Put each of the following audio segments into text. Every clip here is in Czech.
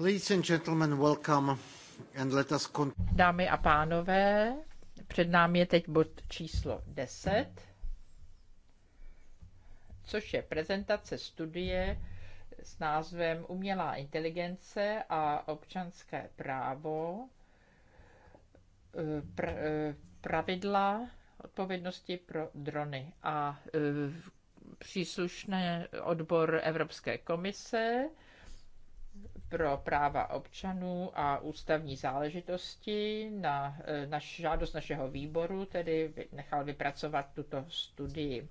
Ladies and gentlemen, welcome and let us Dámy a pánové, před námi je teď bod číslo 10, což je prezentace studie s názvem Umělá inteligence a občanské právo, eh, eh, pravidla odpovědnosti pro drony a eh, příslušný odbor Evropské komise pro práva občanů a ústavní záležitosti na e, naš, žádost našeho výboru, tedy nechal vypracovat tuto studii.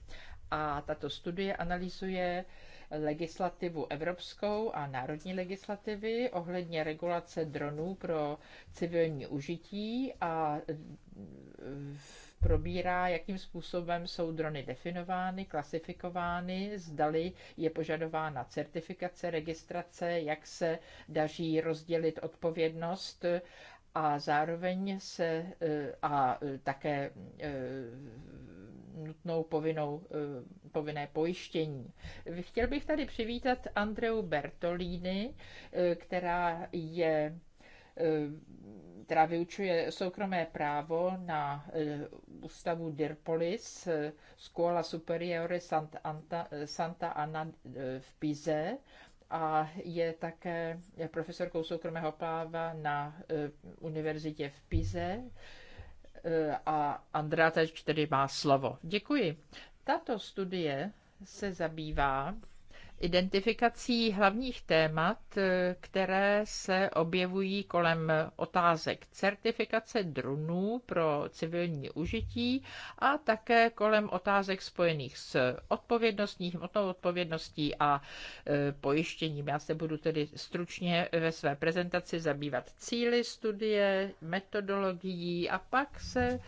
A tato studie analyzuje legislativu evropskou a národní legislativy ohledně regulace dronů pro civilní užití a v probírá, jakým způsobem jsou drony definovány, klasifikovány, zdali je požadována certifikace, registrace, jak se daří rozdělit odpovědnost a zároveň se e, a e, také e, nutnou povinnou, povinné pojištění. Chtěl bych tady přivítat Andreu Bertolini, která je Eh, která vyučuje soukromé právo na eh, ústavu Dirpolis, eh, Scuola Superiore Santa, Santa Anna v Pize a je také profesorkou soukromého práva na univerzitě v Pize a Andrá teď tedy má slovo. Děkuji. Tato studie se zabývá identifikací hlavních témat, eh, které se objevují kolem otázek certifikace dronů pro civilní užití a také kolem otázek spojených s odpovědností, hmotnou odpovědností a eh, pojištěním. Já se budu tedy stručně ve své prezentaci zabývat cíly studie, metodologií a pak se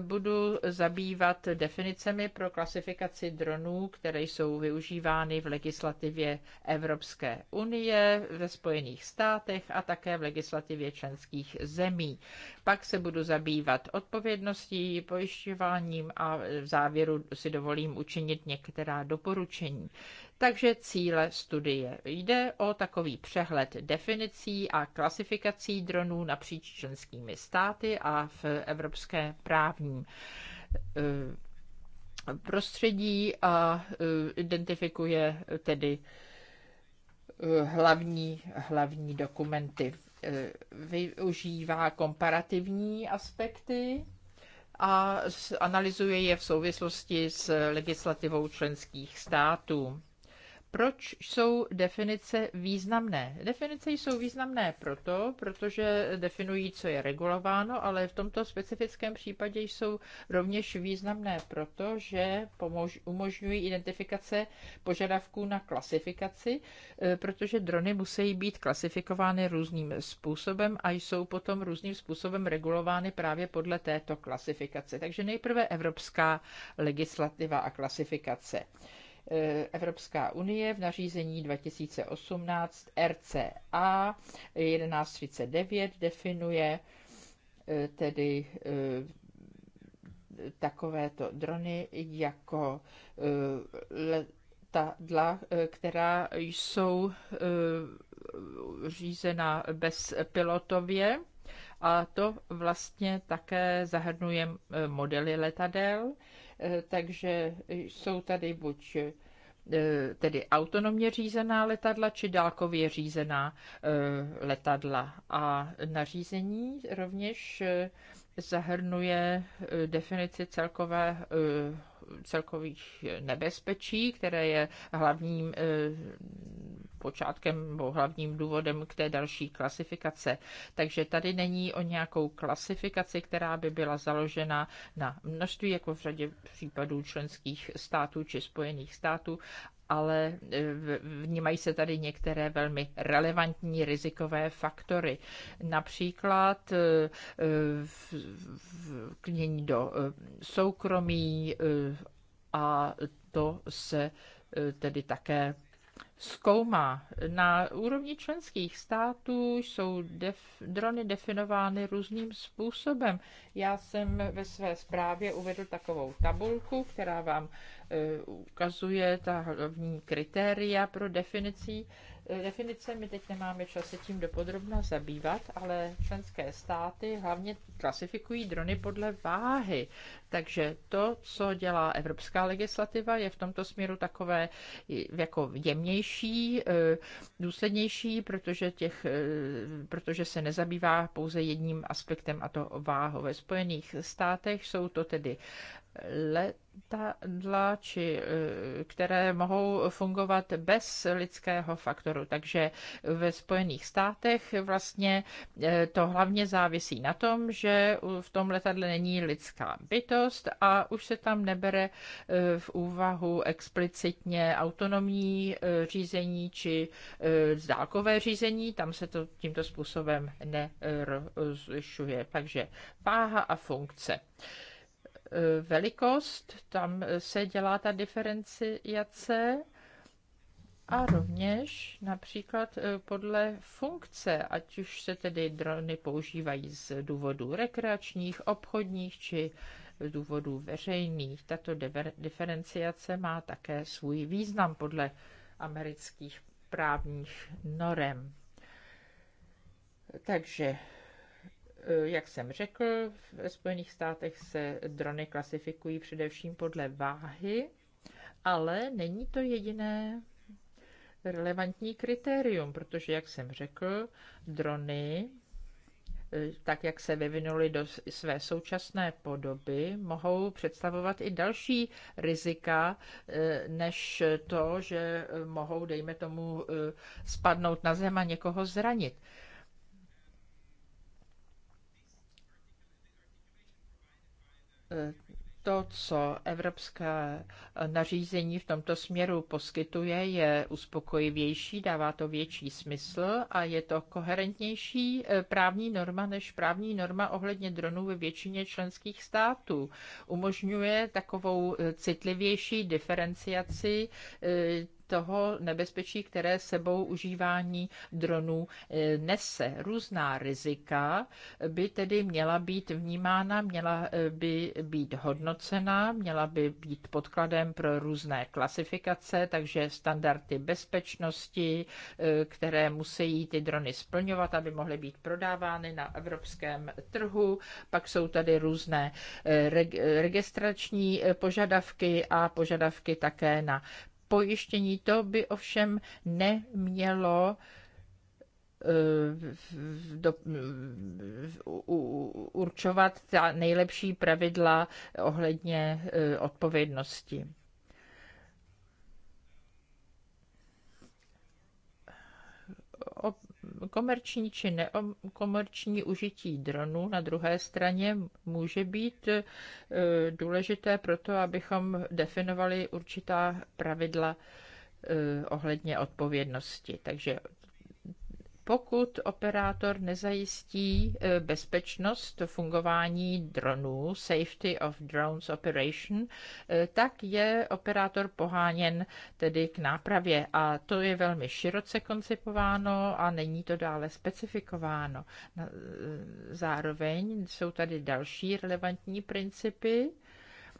budu zabývat definicemi pro klasifikaci dronů, které jsou využívány v legislativě Evropské unie, ve Spojených státech a také v legislativě členských zemí. Pak se budu zabývat odpovědností, pojišťováním a v závěru si dovolím učinit některá doporučení. Takže cíle studie. Jde o takový přehled definicí a klasifikací dronů napříč členskými státy a v evropské právním eh, prostředí a eh, identifikuje tedy eh, hlavní, hlavní dokumenty. Využívá komparativní aspekty a analyzuje je v souvislosti s legislativou členských států. Proč jsou definice významné? Definice jsou významné proto, protože definují, co je regulováno, ale v tomto specifickém případě jsou rovněž významné proto, že pomož, umožňují identifikace požadavků na klasifikaci, e, protože drony musí být klasifikovány různým způsobem a jsou potom různým způsobem regulovány právě podle této klasifikace. Takže nejprve evropská legislativa a klasifikace. E, Evropská unie v nařízení 2018 RCA 1139 definuje e, tedy e, takovéto drony jako letadla, která jsou řízena bezpilotově. A to vlastně také zahrnuje modely letadel. Eh, takže jsou tady buď eh, tedy autonomně řízená letadla či dálkově řízená eh, letadla. A nařízení rovněž zahrnuje eh, definici celkové eh, celkových nebezpečí, které je hlavním eh, počátkem nebo hlavním důvodem k té další klasifikace. Takže tady není o nějakou klasifikaci, která by byla založena na množství, jako v řadě případů členských států či spojených států, ale e, vnímají se tady některé velmi relevantní rizikové faktory. Například e, e, knění do soukromí a to se tedy také zkoumá. Na úrovni členských států jsou def, drony definovány různým způsobem. Já jsem ve své zprávě uvedl takovou tabulku, která vám e, ukazuje ta hlavní kritéria pro definici Eh, definice. My teď nemáme čas se tím dopodrobna zabývat, ale členské státy hlavně klasifikují drony podle váhy. Takže to, co dělá evropská legislativa, je v tomto směru takové jako jemnější, eh, důslednější, protože, těch, eh, protože se nezabývá pouze jedním aspektem, a to váhou. Ve Spojených státech jsou to tedy letadla, či, eh, které mohou fungovat bez lidského faktoru. Takže ve Spojených státech vlastně eh, to hlavně závisí na tom, že v tom letadle není lidská bytost a už se tam nebere eh, v úvahu explicitně autonomní řízení či zdálkové řízení, tam se to tímto způsobem nerozlišuje. Takže váha a funkce. Eh, velikost, tam eh, se dělá ta diferenciace a rovněž například eh, podle funkce, ať už se tedy drony používají z důvodů rekreačních, obchodních či důvodů veřejných. Tato diferenciace má také svůj význam podle amerických právních norem. Takže Eh, jak jsem řekl, ve Spojených státech se drony klasifikují především podle váhy, ale není to jediné relevantní kritérium, protože, jak jsem řekl, drony, eh, tak jak se vyvinuly do své současné podoby, mohou představovat i další rizika, eh, než to, že mohou, dejme tomu, spadnout na zem a někoho zranit. to, co evropské nařízení v tomto směru poskytuje, je uspokojivější, dává to větší smysl a je to koherentnější eh, právní norma než právní norma ohledně dronů ve většině členských států. Umožňuje takovou eh, citlivější diferenciaci eh, toho nebezpečí, které sebou užívání dronů eh, nese. Různá rizika by tedy měla být vnímána, měla eh, by být hodnocena, měla by být podkladem pro různé klasifikace, takže standardy bezpečnosti, eh, které musí ty drony splňovat, aby mohly být prodávány na evropském trhu. Pak jsou tady různé registrační požadavky a požadavky také na pojištění. To by ovšem nemělo eh, do, určovat ta nejlepší pravidla ohledně eh, odpovědnosti komerční či nekomerční užití dronu na druhé straně může být e, důležité pro to, abychom definovali určitá pravidla e, ohledně odpovědnosti. Takže pokud operátor nezajistí e, bezpečnost fungování dronů, Safety of Drones Operation, e, tak je operátor poháněn tedy k nápravě. A to je velmi široce koncipováno a není to dále specifikováno. E, zároveň jsou tady další relevantní principy,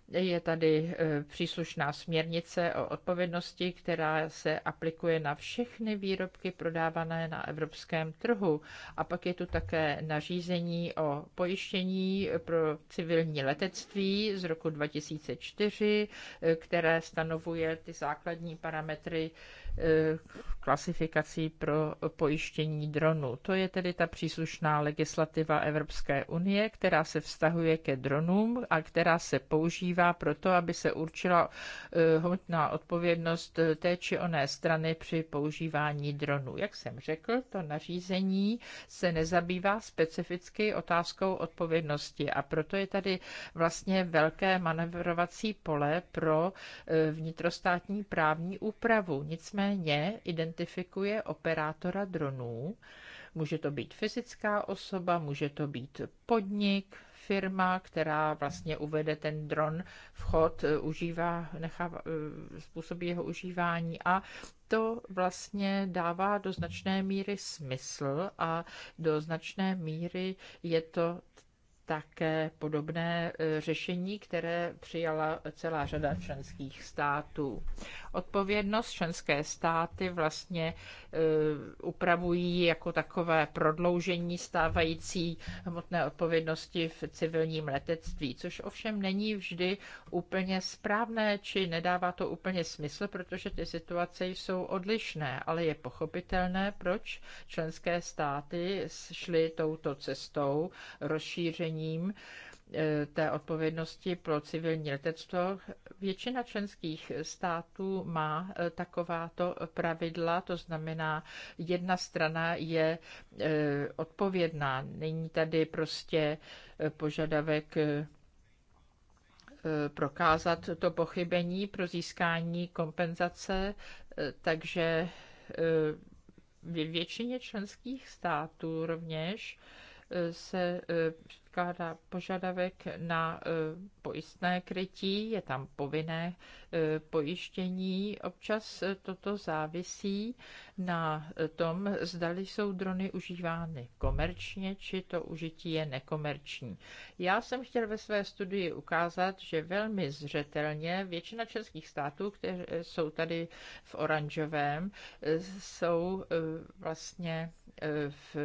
je tady e, příslušná směrnice o odpovědnosti, která se aplikuje na všechny výrobky prodávané na evropském trhu. A pak je tu také nařízení o pojištění pro civilní letectví z roku 2004, e, které stanovuje ty základní parametry Eh, klasifikací pro pojištění dronu. To je tedy ta příslušná legislativa Evropské unie, která se vztahuje ke dronům a která se používá proto, aby se určila eh, hmotná odpovědnost té či oné strany při používání dronu. Jak jsem řekl, to nařízení se nezabývá specificky otázkou odpovědnosti a proto je tady vlastně velké manevrovací pole pro eh, vnitrostátní právní úpravu. Nicméně nicméně identifikuje operátora dronů. Může to být fyzická osoba, může to být podnik, firma, která vlastně uvede ten dron v chod, eh, užívá, nechá eh, způsobí jeho užívání a to vlastně dává do značné míry smysl a do značné míry je to také podobné eh, řešení, které přijala celá řada členských států odpovědnost. Členské státy vlastně e, upravují jako takové prodloužení stávající hmotné odpovědnosti v civilním letectví, což ovšem není vždy úplně správné, či nedává to úplně smysl, protože ty situace jsou odlišné, ale je pochopitelné, proč členské státy šly touto cestou rozšířením Eh, té odpovědnosti pro civilní letectvo. Většina členských států má eh, takováto pravidla, to znamená, jedna strana je eh, odpovědná. Není tady prostě požadavek prokázat to pochybení pro získání kompenzace, takže ve většině členských států rovněž se eh, předkládá požadavek na eh, pojistné krytí, je tam povinné eh, pojištění. Občas toto závisí na tom, zdali jsou drony užívány komerčně, či to užití je nekomerční. Já jsem chtěl ve své studii ukázat, že velmi zřetelně většina českých států, které jsou tady v oranžovém, jsou vlastně Eh, v,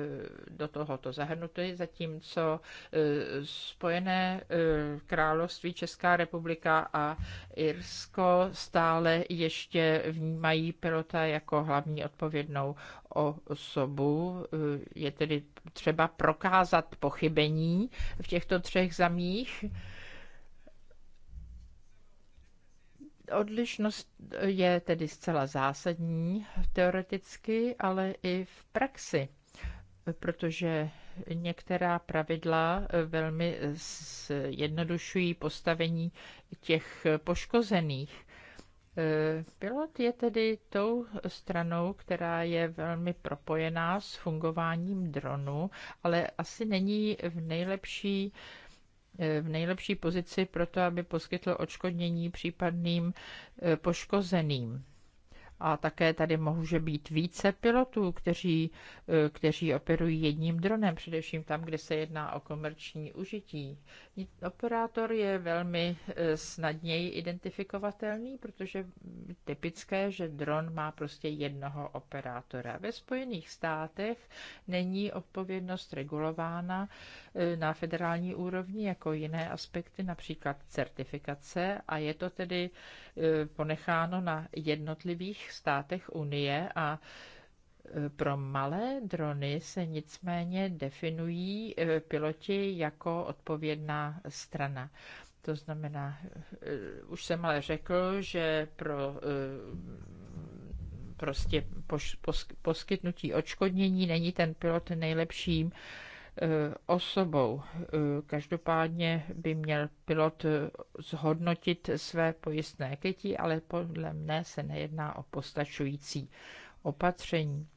do tohoto zahrnuty, zatímco eh, Spojené eh, království, Česká republika a Irsko stále ještě vnímají pilota jako hlavní odpovědnou osobu. Je tedy třeba prokázat pochybení v těchto třech zemích Odlišnost je tedy zcela zásadní teoreticky, ale i v praxi, protože některá pravidla velmi zjednodušují postavení těch poškozených. Pilot je tedy tou stranou, která je velmi propojená s fungováním dronu, ale asi není v nejlepší Eh, v nejlepší pozici pro to, aby poskytl očkodnění případným eh, poškozeným. A také tady může být více pilotů, kteří, eh, kteří operují jedním dronem, především tam, kde se jedná o komerční užití. Operátor je velmi eh, snadněji identifikovatelný, protože typické, že dron má prostě jednoho operátora. Ve Spojených státech není odpovědnost regulována eh, na federální úrovni jako jiné aspekty, například certifikace, a je to tedy ponecháno na jednotlivých státech Unie a e, pro malé drony se nicméně definují e, piloti jako odpovědná strana. To znamená, e, už jsem ale řekl, že pro prostě poskytnutí odškodnění není ten pilot nejlepším Eh, osobou. Eh, každopádně by měl pilot eh, zhodnotit své pojistné krytí, ale podle mne se nejedná o postačující opatření.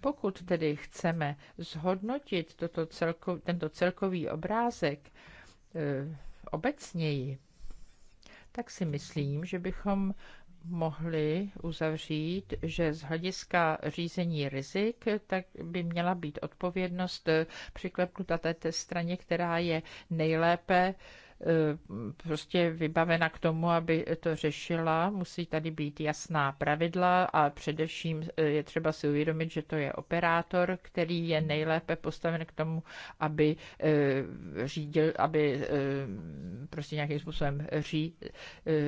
Pokud tedy chceme zhodnotit toto celko, tento celkový obrázek obecněji, tak si myslím, že bychom mohli uzavřít, že z hlediska řízení rizik tak by měla být odpovědnost přiklepnuta té straně, která je nejlépe E, prostě vybavena k tomu, aby to řešila. Musí tady být jasná pravidla a především e, je třeba si uvědomit, že to je operátor, který je nejlépe postaven k tomu, aby e, řídil, aby prostě nějakým způsobem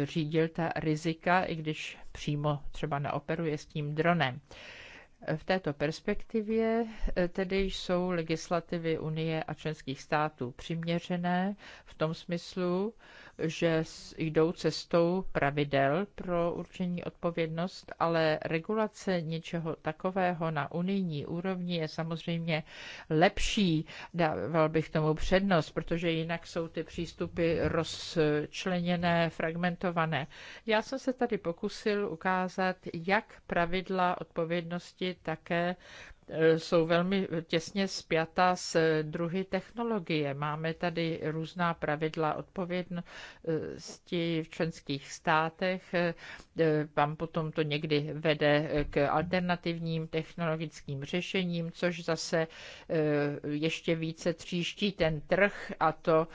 řídil ta rizika, i když přímo třeba neoperuje s tím dronem. V této perspektivě e, tedy jsou legislativy Unie a členských států přiměřené v tom smyslu, že jdou cestou pravidel pro určení odpovědnost, ale regulace něčeho takového na unijní úrovni je samozřejmě lepší. Dával bych tomu přednost, protože jinak jsou ty přístupy rozčleněné, fragmentované. Já jsem se tady pokusil ukázat, jak pravidla odpovědnosti také Eh, jsou velmi těsně spjata s eh, druhy technologie. Máme tady různá pravidla odpovědnosti v členských státech, eh, tam potom to někdy vede k alternativním technologickým řešením, což zase ještě více tříští ten trh a to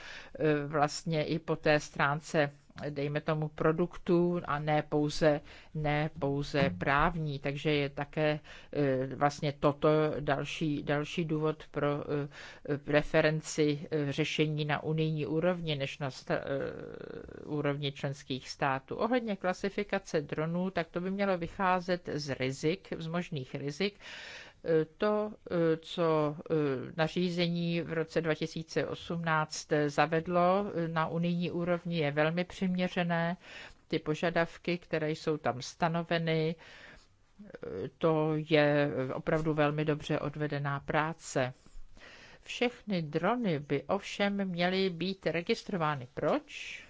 vlastně i po té stránce dejme tomu, produktů a ne pouze, ne pouze právní. Takže je také e, vlastně toto další, další důvod pro e, preferenci e, řešení na unijní úrovni než na sta- úrovni členských států. Ohledně klasifikace dronů, tak to by mělo vycházet z rizik, z možných rizik to, eh, co eh, nařízení v roce 2018 eh, zavedlo na unijní úrovni, je velmi přiměřené. Ty požadavky, které jsou tam stanoveny, to je opravdu velmi dobře odvedená práce. Všechny drony by ovšem měly být registrovány. Proč?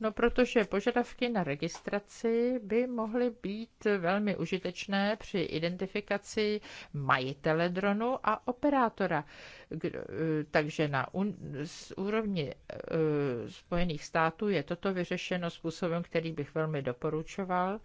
No, protože požadavky na registraci by mohly být velmi užitečné při identifikaci majitele dronu a operátora. Eh, takže na úrovni eh, Spojených států je toto vyřešeno způsobem, který bych velmi doporučoval.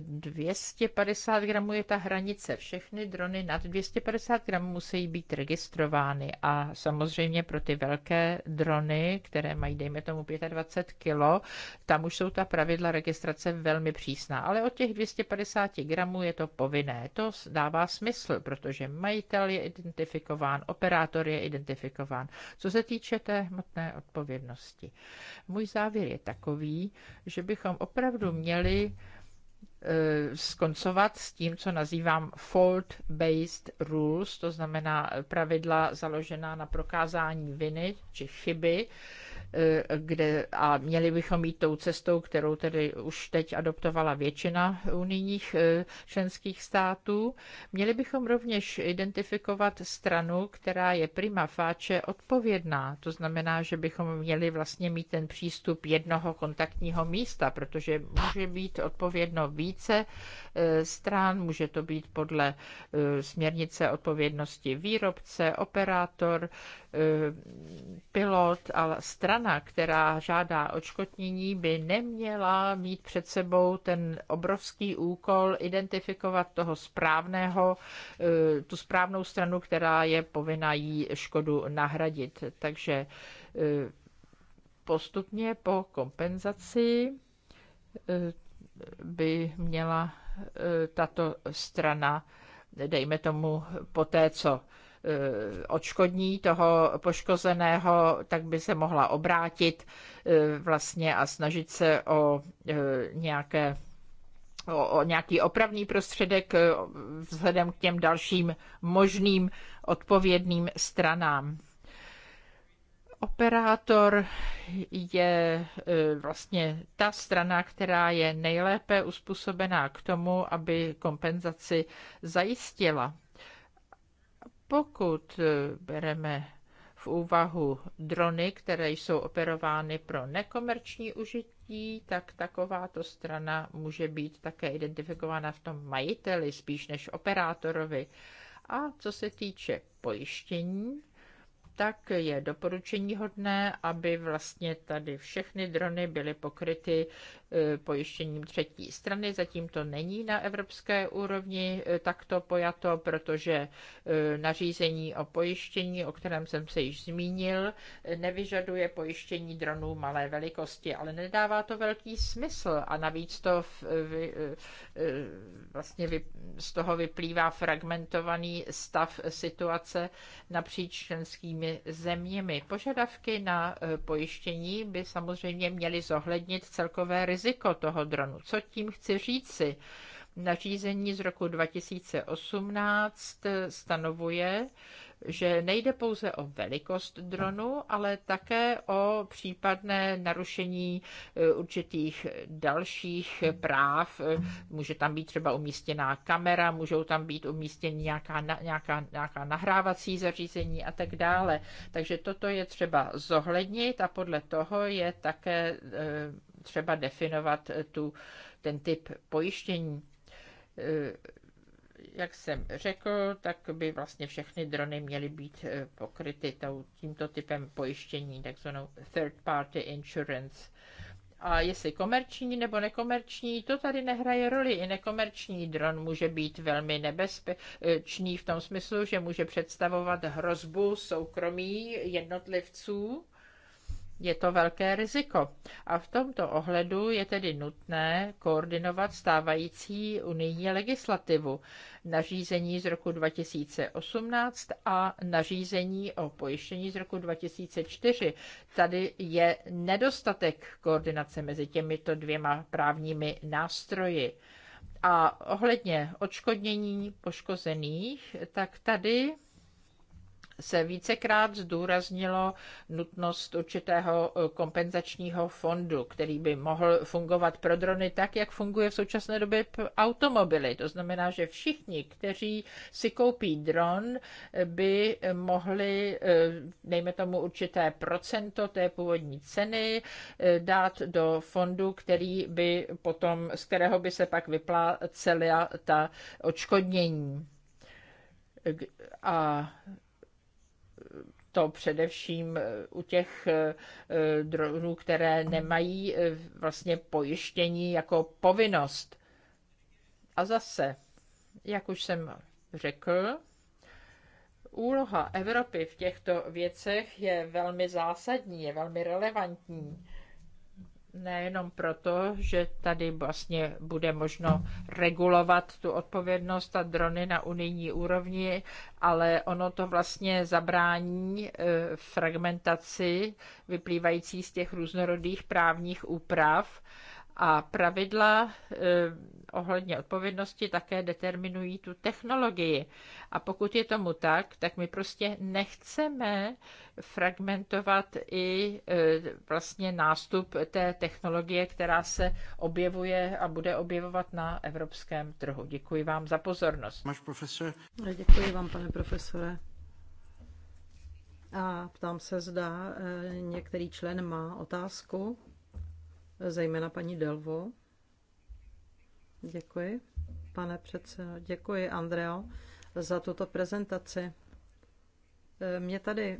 250 gramů je ta hranice. Všechny drony nad 250 gramů musí být registrovány a samozřejmě pro ty velké drony, které mají, dejme tomu, 25 kg, tam už jsou ta pravidla registrace velmi přísná. Ale od těch 250 gramů je to povinné. To dává smysl, protože majitel je identifikován, operátor je identifikován. Co se týče té hmotné odpovědnosti. Můj závěr je takový, že bychom opravdu měli Eh, skoncovat s tím, co nazývám fault-based rules, to znamená pravidla založená na prokázání viny či chyby, E, kde, a měli bychom jít tou cestou, kterou tedy už teď adoptovala většina unijních e, členských států. Měli bychom rovněž identifikovat stranu, která je prima facie odpovědná. To znamená, že bychom měli vlastně mít ten přístup jednoho kontaktního místa, protože může být odpovědno více e, stran, může to být podle směrnice odpovědnosti výrobce, operátor, Eh, pilot a strana, která žádá očkotnění, by neměla mít před sebou ten obrovský úkol identifikovat toho správného, eh, tu správnou stranu, která je povinna jí škodu nahradit. Takže eh, postupně po kompenzaci by měla tato strana, dejme tomu, po té, co Eh, odškodní toho poškozeného, tak by se mohla obrátit eh, vlastně a snažit se o eh, nějaké o, nějaký opravný prostředek vzhledem k těm dalším možným odpovědným stranám operátor je vlastně ta strana, která je nejlépe uspůsobená k tomu, aby kompenzaci zajistila. Pokud eh, bereme v úvahu drony, které jsou operovány pro nekomerční užití, tak takováto strana může být také identifikována v tom majiteli spíš než operátorovi. A co se týče pojištění, tak je doporučení hodné, aby vlastně tady všechny drony byly pokryty E, pojištěním třetí strany. Zatím to není na evropské úrovni e, takto pojato, protože e, nařízení o pojištění, o kterém jsem se již zmínil, nevyžaduje pojištění dronů malé velikosti, ale nedává to velký smysl a navíc to vlastně vy, z toho vyplývá fragmentovaný stav situace napříč členskými zeměmi. Požadavky na pojištění by samozřejmě měly zohlednit celkové riziko riziko toho dronu. Co tím chci říci? Nařízení z roku 2018 stanovuje, že nejde pouze o velikost dronu, ale také o případné narušení e, určitých dalších práv. E, může tam být třeba umístěná kamera, můžou tam být umístěny nějaká, nějaká, nějaká nahrávací zařízení a tak dále. Takže toto je třeba zohlednit a podle toho je také e, třeba definovat eh, tu, ten typ pojištění eh, jak jsem řekl, tak by vlastně všechny drony měly být eh, pokryty tímto typem pojištění, takzvanou third party insurance. A jestli komerční nebo nekomerční, to tady nehraje roli. I nekomerční dron může být velmi nebezpečný v tom smyslu, že může představovat hrozbu soukromí jednotlivců je to velké riziko a v tomto ohledu je tedy nutné koordinovat stávající unijní legislativu, nařízení z roku 2018 a nařízení o pojištění z roku 2004. Tady je nedostatek koordinace mezi těmito dvěma právními nástroji. A ohledně odškodnění poškozených, tak tady se vícekrát zdůraznilo nutnost určitého eh, kompenzačního fondu, který by mohl fungovat pro drony tak, jak funguje v současné době automobily. To znamená, že všichni, kteří si koupí dron, by mohli, nejme eh, tomu určité procento té původní ceny, eh, dát do fondu, který by potom, z kterého by se pak vyplácela ta odškodnění. A to především eh, u těch eh, eh, dronů, které nemají vlastně pojištění jako povinnost. A zase, jak už jsem řekl, úloha Evropy v těchto věcech je velmi zásadní, je velmi relevantní nejenom proto, že tady vlastně bude možno regulovat tu odpovědnost a drony na unijní úrovni, ale ono to vlastně zabrání e, fragmentaci vyplývající z těch různorodých právních úprav a pravidla eh, ohledně odpovědnosti také determinují tu technologii. A pokud je tomu tak, tak my prostě nechceme fragmentovat i eh, vlastně nástup té technologie, která se objevuje a bude objevovat na evropském trhu. Děkuji vám za pozornost. Máš profesor? No, děkuji vám, pane profesore. A ptám se, zda eh, některý člen má otázku zejména paní Delvo. Děkuji, pane předsedo. Děkuji, Andreo, za tuto prezentaci. E, mě tady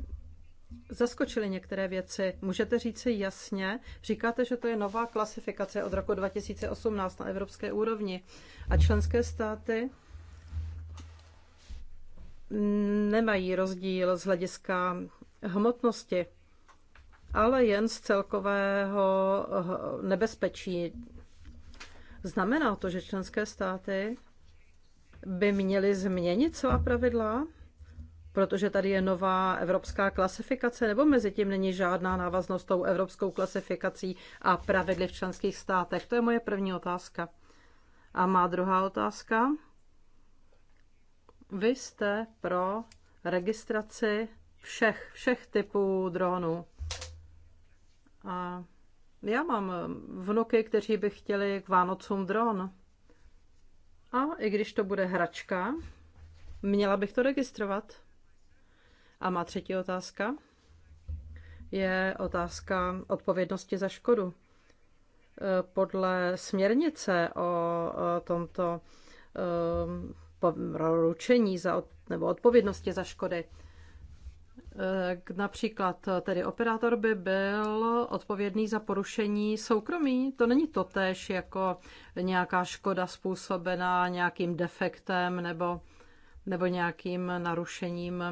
zaskočily některé věci. Můžete říct si jasně, říkáte, že to je nová klasifikace od roku 2018 na evropské úrovni a členské státy nemají rozdíl z hlediska hmotnosti ale jen z celkového eh, nebezpečí. Znamená to, že členské státy by měly změnit svá pravidla, protože tady je nová evropská klasifikace, nebo mezi tím není žádná návaznost tou evropskou klasifikací a pravidly v členských státech? To je moje první otázka. A má druhá otázka. Vy jste pro registraci všech, všech typů dronů. A já mám eh, vnuky, kteří by chtěli k Vánocům dron. A i když to bude hračka, měla bych to registrovat. A má třetí otázka je otázka odpovědnosti za škodu. Eh, podle směrnice o eh, tomto ručení za, nebo odpovědnosti za škody Eh, například eh, tedy operátor by byl odpovědný za porušení soukromí. To není totéž jako nějaká škoda způsobená nějakým defektem nebo, nebo nějakým narušením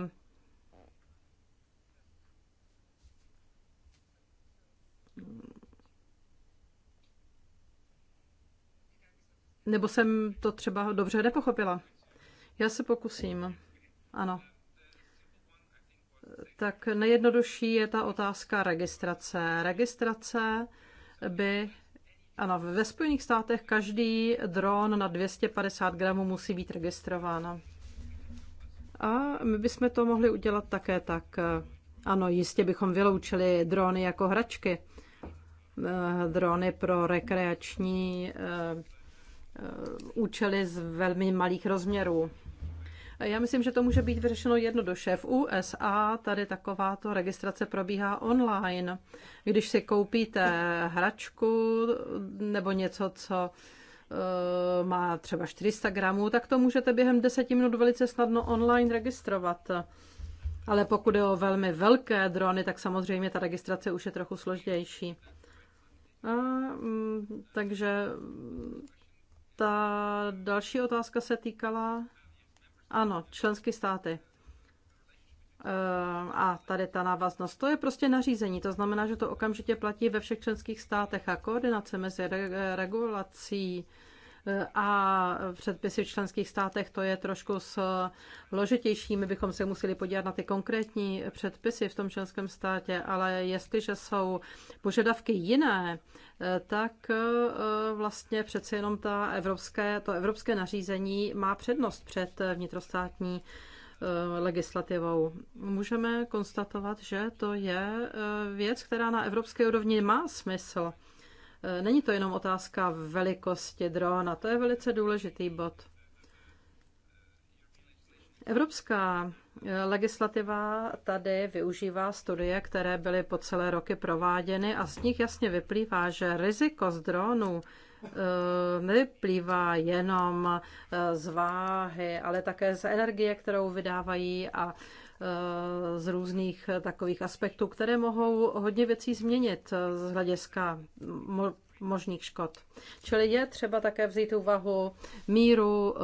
Nebo jsem to třeba dobře nepochopila? Já se pokusím. Ano tak nejjednodušší je ta otázka registrace. Registrace by ano, ve Spojených státech každý dron na 250 gramů musí být registrován. A my bychom to mohli udělat také tak. Ano, jistě bychom vyloučili drony jako hračky, eh, drony pro rekreační eh, eh, účely z velmi malých rozměrů. Já myslím, že to může být vyřešeno jednoduše. V USA tady takováto registrace probíhá online. Když si koupíte hračku nebo něco, co eh, má třeba 400 gramů, tak to můžete během 10 minut velice snadno online registrovat. Ale pokud je o velmi velké drony, tak samozřejmě ta registrace už je trochu složitější. A, mm, takže ta další otázka se týkala ano, členské státy. Ehm, a tady ta návaznost, to je prostě nařízení, to znamená, že to okamžitě platí ve všech členských státech a koordinace mezi regulací a předpisy v členských státech to je trošku složitější. My bychom se museli podívat na ty konkrétní předpisy v tom členském státě, ale jestliže jsou požadavky jiné, tak eh, vlastně přece jenom ta evropské, to evropské nařízení má přednost před vnitrostátní eh, legislativou. Můžeme konstatovat, že to je eh, věc, která na evropské úrovni má smysl. Eh, není to jenom otázka velikosti drona, to je velice důležitý bod. Evropská eh, legislativa tady využívá studie, které byly po celé roky prováděny a z nich jasně vyplývá, že riziko z dronu eh, nevyplývá jenom z váhy, ale také z energie, kterou vydávají a Eh, z různých takových aspektů, které mohou hodně věcí změnit eh, z hlediska možných škod. Čili je třeba také vzít úvahu míru, eh,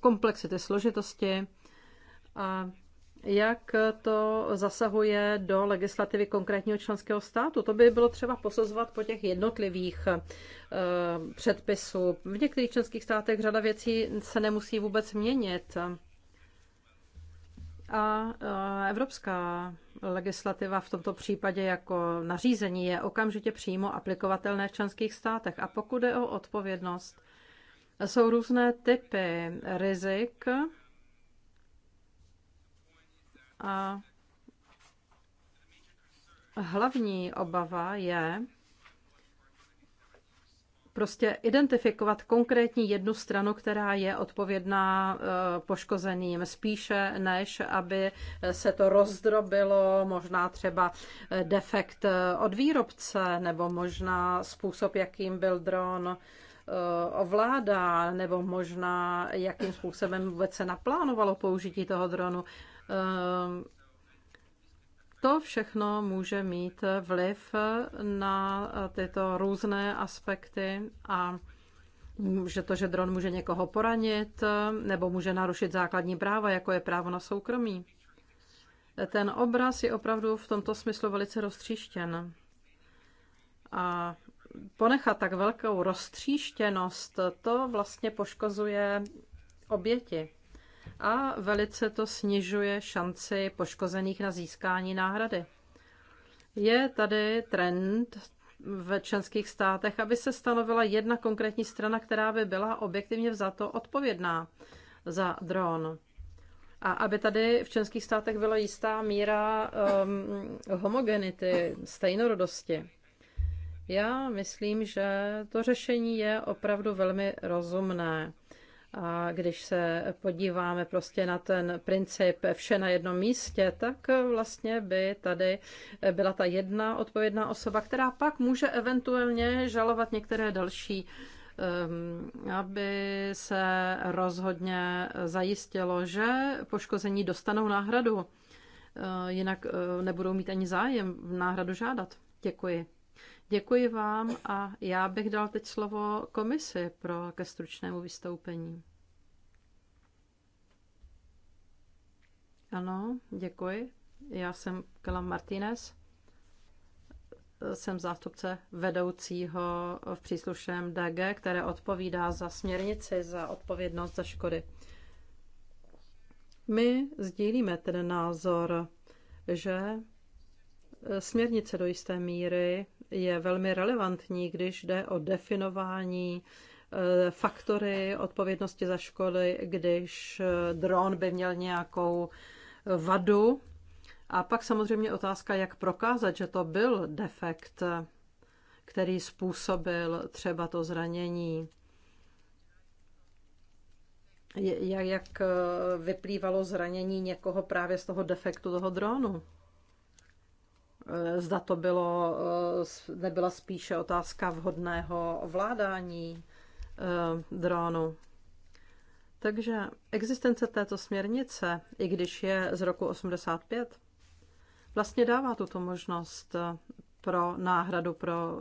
komplexity, složitosti a jak to zasahuje do legislativy konkrétního členského státu. To by bylo třeba posuzovat po těch jednotlivých předpisů. V některých členských státech řada věcí se nemusí vůbec měnit. A eh, evropská legislativa v tomto případě jako nařízení je okamžitě přímo aplikovatelné v členských státech. A pokud je o odpovědnost, jsou různé typy rizik a hlavní obava je, prostě identifikovat konkrétní jednu stranu, která je odpovědná eh, poškozeným, spíše než aby se to rozdrobilo, možná třeba eh, defekt eh, od výrobce nebo možná způsob, jakým byl dron ovládá, nebo možná jakým způsobem vůbec se naplánovalo použití toho dronu to všechno může mít vliv na tyto různé aspekty a že to, že dron může někoho poranit nebo může narušit základní práva, jako je právo na soukromí. Ten obraz je opravdu v tomto smyslu velice roztříštěn. A ponechat tak velkou roztříštěnost, to vlastně poškozuje oběti a velice to snižuje šanci poškozených na získání náhrady. Je tady trend v členských státech, aby se stanovila jedna konkrétní strana, která by byla objektivně vzato odpovědná za dron. A aby tady v členských státech byla jistá míra um, homogenity, stejnorodosti. Já myslím, že to řešení je opravdu velmi rozumné. A když se podíváme prostě na ten princip vše na jednom místě, tak vlastně by tady byla ta jedna odpovědná osoba, která pak může eventuálně žalovat některé další, ehm, aby se rozhodně zajistilo, že poškození dostanou náhradu. Eh, jinak eh, nebudou mít ani zájem v náhradu žádat. Děkuji. Děkuji vám a já bych dal teď slovo komisi pro ke stručnému vystoupení. Ano, děkuji. Já jsem Kelam Martínez, jsem zástupce vedoucího v příslušném DG, které odpovídá za směrnici, za odpovědnost za škody. My sdílíme ten názor, že Eh, směrnice do jisté míry je velmi relevantní, když jde o definování eh, faktory odpovědnosti za škody, když eh, dron by měl nějakou vadu. A pak samozřejmě otázka, jak prokázat, že to byl defekt, který způsobil třeba to zranění. Jak vyplývalo zranění někoho právě z toho defektu toho dronu? Eh, zda to bylo, eh, nebyla spíše otázka vhodného ovládání eh, dronu. Takže existence této směrnice, i když je z roku 85, vlastně dává tuto možnost pro náhradu pro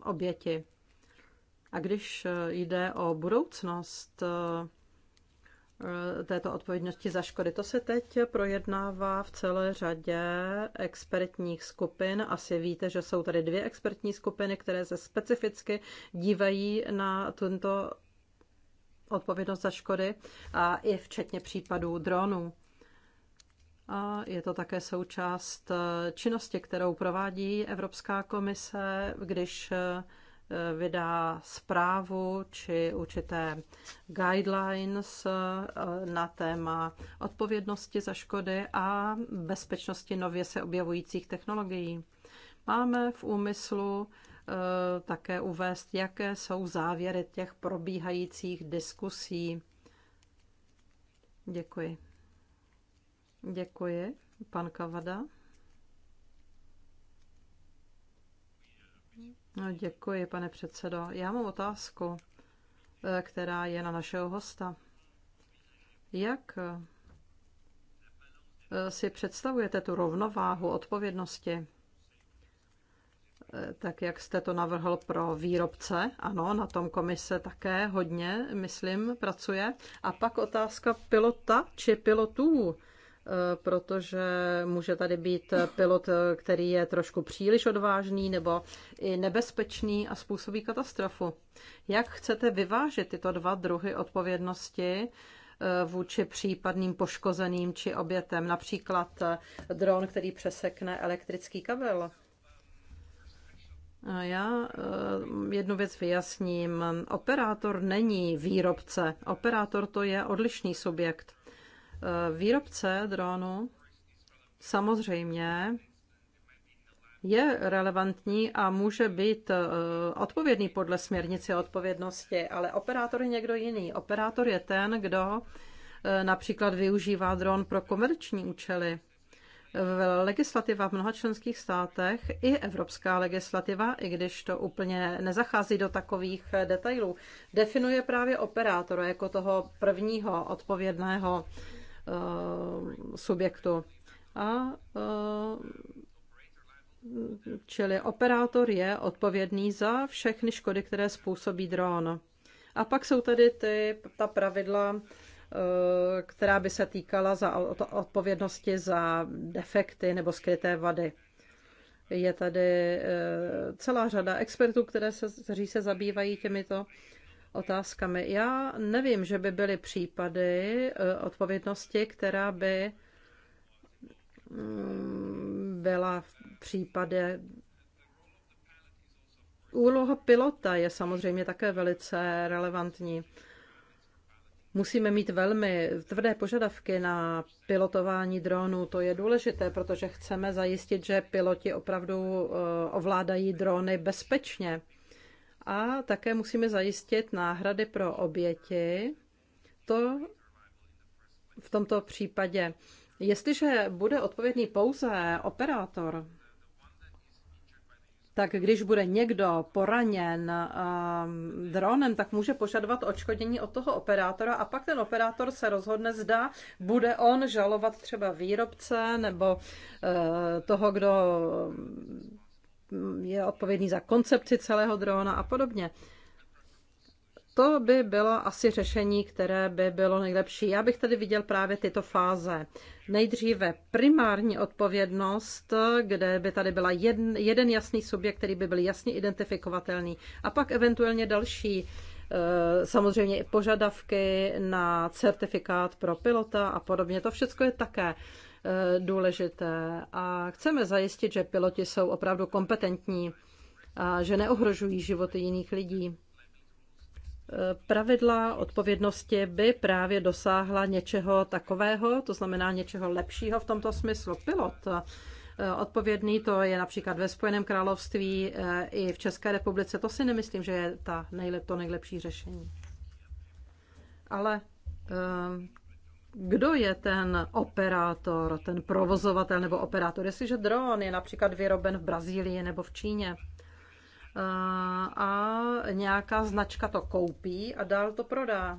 oběti. A když jde o budoucnost Eh, této odpovědnosti za škody. To se teď projednává v celé řadě expertních skupin. Asi víte, že jsou tady dvě expertní skupiny, které se specificky dívají na tento odpovědnost za škody a i včetně případů dronů. A je to také součást činnosti, kterou provádí Evropská komise, když eh, Eh, vydá zprávu či určité guidelines eh, na téma odpovědnosti za škody a bezpečnosti nově se objevujících technologií. Máme v úmyslu eh, také uvést, jaké jsou závěry těch probíhajících diskusí. Děkuji. Děkuji, pan Kavada. No, děkuji, pane předsedo. Já mám otázku, eh, která je na našeho hosta. Jak eh, si představujete tu rovnováhu odpovědnosti? Eh, tak jak jste to navrhl pro výrobce, ano, na tom komise také hodně, myslím, pracuje. A pak otázka pilota či pilotů Eh, protože může tady být pilot, eh, který je trošku příliš odvážný nebo i nebezpečný a způsobí katastrofu. Jak chcete vyvážit tyto dva druhy odpovědnosti eh, vůči případným poškozeným či obětem, například dron, který přesekne elektrický kabel? Já jednu věc vyjasním. Operátor není výrobce. Operátor to je odlišný subjekt. Eh, výrobce dronu samozřejmě je relevantní a může být eh, odpovědný podle směrnice odpovědnosti, ale operátor je někdo jiný. Operátor je ten, kdo eh, například využívá dron pro komerční účely. Legislativa v mnoha členských státech i evropská legislativa, i když to úplně nezachází do takových detailů, definuje právě operátora jako toho prvního odpovědného Eh, subjektu. A eh, čili operátor je odpovědný za všechny škody, které způsobí dron. A pak jsou tady ty, ta pravidla, eh, která by se týkala za odpovědnosti za defekty nebo skryté vady. Je tady celá řada expertů, které se, kteří se zabývají těmito otázkami. Já nevím, že by byly případy eh, odpovědnosti, která by mm, byla v případě Úloha pilota je samozřejmě také velice relevantní. Musíme mít velmi tvrdé požadavky na pilotování dronů. To je důležité, protože chceme zajistit, že piloti opravdu eh, ovládají drony bezpečně. A také musíme zajistit náhrady pro oběti. To v tomto případě. Jestliže bude odpovědný pouze operátor, tak když bude někdo poraněn um, dronem, tak může požadovat odškodnění od toho operátora a pak ten operátor se rozhodne, zda bude on žalovat třeba výrobce nebo uh, toho, kdo je odpovědný za koncepci celého drona a podobně. To by bylo asi řešení, které by bylo nejlepší. Já bych tady viděl právě tyto fáze. Nejdříve primární odpovědnost, kde by tady byla jeden, jeden jasný subjekt, který by byl jasně identifikovatelný, a pak eventuálně další, eh, samozřejmě i požadavky na certifikát pro pilota a podobně. To všechno je také Eh, důležité a chceme zajistit, že piloti jsou opravdu kompetentní a že neohrožují životy jiných lidí. Eh, pravidla odpovědnosti by právě dosáhla něčeho takového, to znamená něčeho lepšího v tomto smyslu. Pilot eh, odpovědný, to je například ve Spojeném království i v České republice. To si nemyslím, že je ta nejlep, to nejlepší řešení. Ale kdo je ten operátor, ten provozovatel nebo operátor. Jestliže dron je například vyroben v Brazílii nebo v Číně eh, a nějaká značka to koupí a dál to prodá.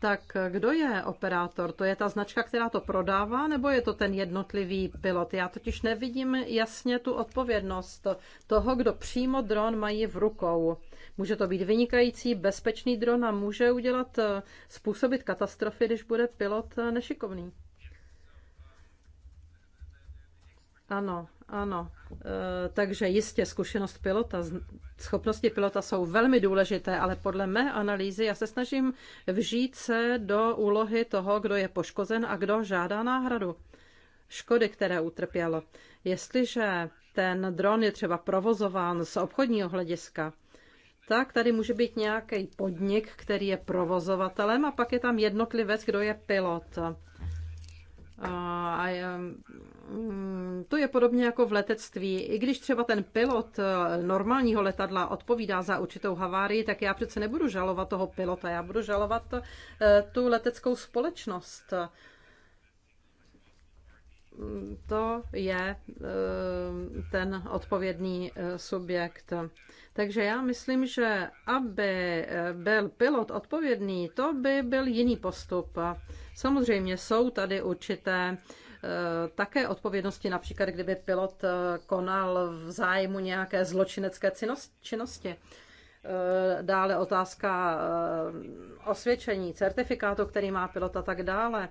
Tak kdo je operátor? To je ta značka, která to prodává, nebo je to ten jednotlivý pilot? Já totiž nevidím jasně tu odpovědnost toho, kdo přímo dron mají v rukou. Může to být vynikající, bezpečný dron a může udělat, eh, způsobit katastrofy, když bude pilot eh, nešikovný. Ano, ano. Eh, takže jistě zkušenost pilota, schopnosti pilota jsou velmi důležité, ale podle mé analýzy já se snažím vžít se do úlohy toho, kdo je poškozen a kdo žádá náhradu. Škody, které utrpělo. Jestliže ten dron je třeba provozován z obchodního hlediska, tak tady může být nějaký podnik, který je provozovatelem a pak je tam jednotlivec, kdo je pilot. A mm, to je podobně jako v letectví. I když třeba ten pilot eh, normálního letadla odpovídá za určitou havárii, tak já přece nebudu žalovat toho pilota, já budu žalovat eh, tu leteckou společnost to je eh, ten odpovědný eh, subjekt. Takže já myslím, že aby eh, byl pilot odpovědný, to by byl jiný postup. Samozřejmě jsou tady určité také odpovědnosti, například kdyby pilot konal v zájmu nějaké zločinecké činnosti. Dále otázka osvědčení, certifikátu, který má pilot a tak dále.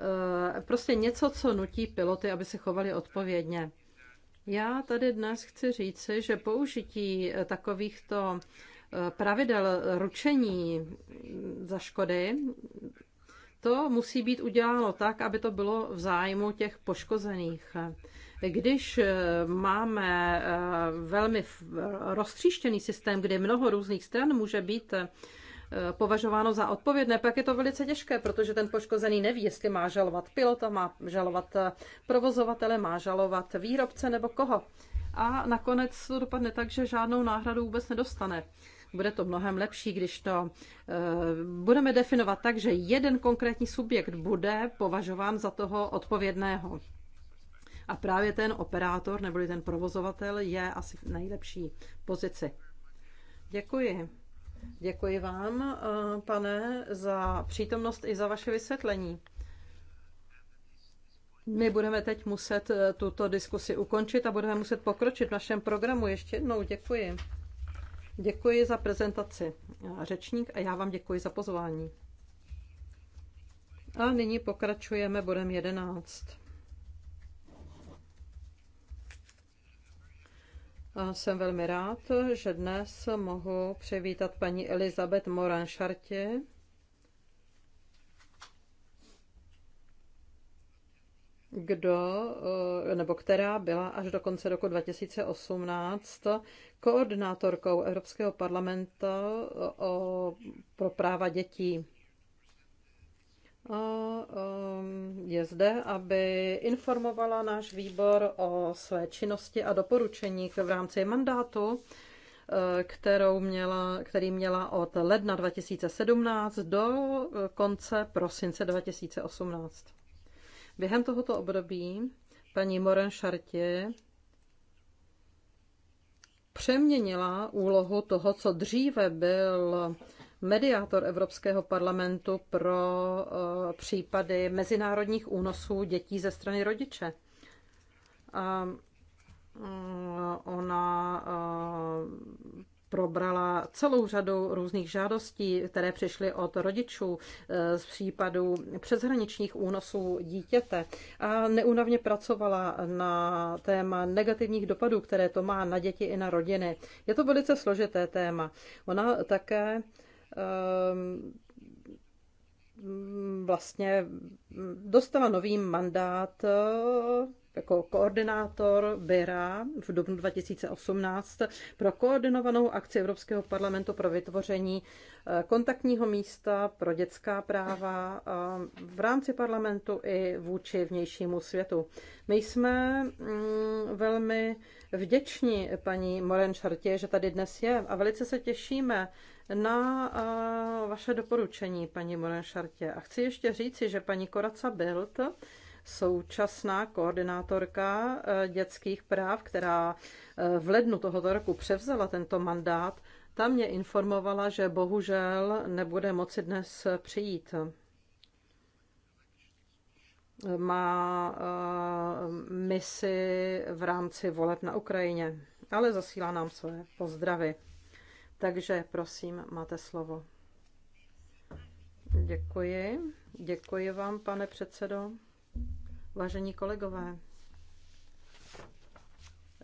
Eh, prostě něco, co nutí piloty, aby se chovali odpovědně. Já tady dnes chci říci, že použití eh, takovýchto eh, pravidel ručení mm, za škody, to musí být uděláno tak, aby to bylo v zájmu těch poškozených. Když máme velmi roztříštěný systém, kde mnoho různých stran může být Eh, považováno za odpovědné, pak je to velice těžké, protože ten poškozený neví, jestli má žalovat pilota, má žalovat eh, provozovatele, má žalovat výrobce nebo koho. A nakonec to dopadne tak, že žádnou náhradu vůbec nedostane bude to mnohem lepší, když to eh, budeme definovat tak, že jeden konkrétní subjekt bude považován za toho odpovědného. A právě ten operátor neboli ten provozovatel je asi v nejlepší pozici. Děkuji. Děkuji vám, eh, pane, za přítomnost i za vaše vysvětlení. My budeme teď muset eh, tuto diskusi ukončit a budeme muset pokročit v našem programu. Ještě jednou děkuji. Děkuji za prezentaci eh, řečník a já vám děkuji za pozvání. A nyní pokračujeme bodem 11. Jsem velmi rád, že dnes mohu přivítat paní Elizabeth Moran-Chartier, kdo, eh, nebo která byla až do konce roku 2018 koordinátorkou Evropského parlamentu pro práva dětí a um, je zde, aby informovala náš výbor o své činnosti a doporučeních v rámci mandátu, eh, kterou měla, který měla od ledna 2017 do konce prosince 2018. Během tohoto období paní Moren Šartě přeměnila úlohu toho, co dříve byl mediátor Evropského parlamentu pro eh, případy mezinárodních únosů dětí ze strany rodiče. Eh, ona eh, probrala celou řadu různých žádostí, které přišly od rodičů z případů přeshraničních únosů dítěte a neúnavně pracovala na téma negativních dopadů, které to má na děti i na rodiny. Je to velice složité téma. Ona také Ehm, vlastně dostala nový mandát eh, jako koordinátor Bera v dubnu 2018 pro koordinovanou akci Evropského parlamentu pro vytvoření eh, kontaktního místa pro dětská práva eh, v rámci parlamentu i vůči vnějšímu světu. My jsme mm, velmi vděční paní Moren Šartě, že tady dnes je a velice se těšíme na eh, vaše doporučení, paní Moren Šartě. A chci ještě říci, že paní Koraca Bild současná koordinátorka eh, dětských práv, která eh, v lednu tohoto roku převzala tento mandát, ta mě informovala, že bohužel nebude moci dnes přijít. Má eh, misi v rámci voleb na Ukrajině, ale zasílá nám své pozdravy. Takže prosím, máte slovo. Děkuji. Děkuji vám, pane předsedo. Vážení kolegové,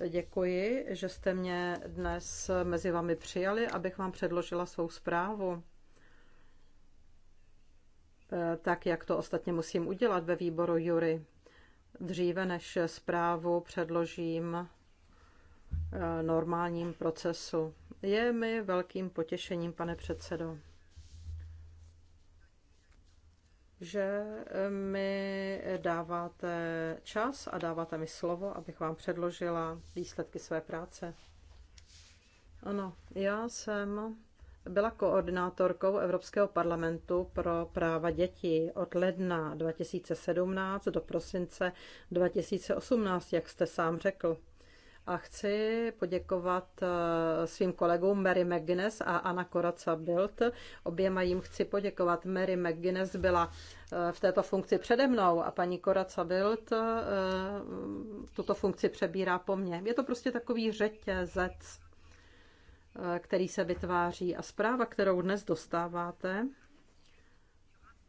děkuji, že jste mě dnes mezi vámi přijali, abych vám předložila svou zprávu. E, tak, jak to ostatně musím udělat ve výboru Jury. Dříve než zprávu předložím e, normálním procesu. Je mi velkým potěšením, pane předsedo že eh, mi dáváte čas a dáváte mi slovo, abych vám předložila výsledky své práce. Ano, já jsem byla koordinátorkou Evropského parlamentu pro práva dětí od ledna 2017 do prosince 2018, jak jste sám řekl. A chci poděkovat eh, svým kolegům Mary McGuinness a Anna Koraca Bild. Oběma jim chci poděkovat. Mary McGuinness byla eh, v této funkci přede mnou a paní Koraca Bild eh, tuto funkci přebírá po mně. Je to prostě takový řetězec, který se vytváří. A zpráva, kterou dnes dostáváte,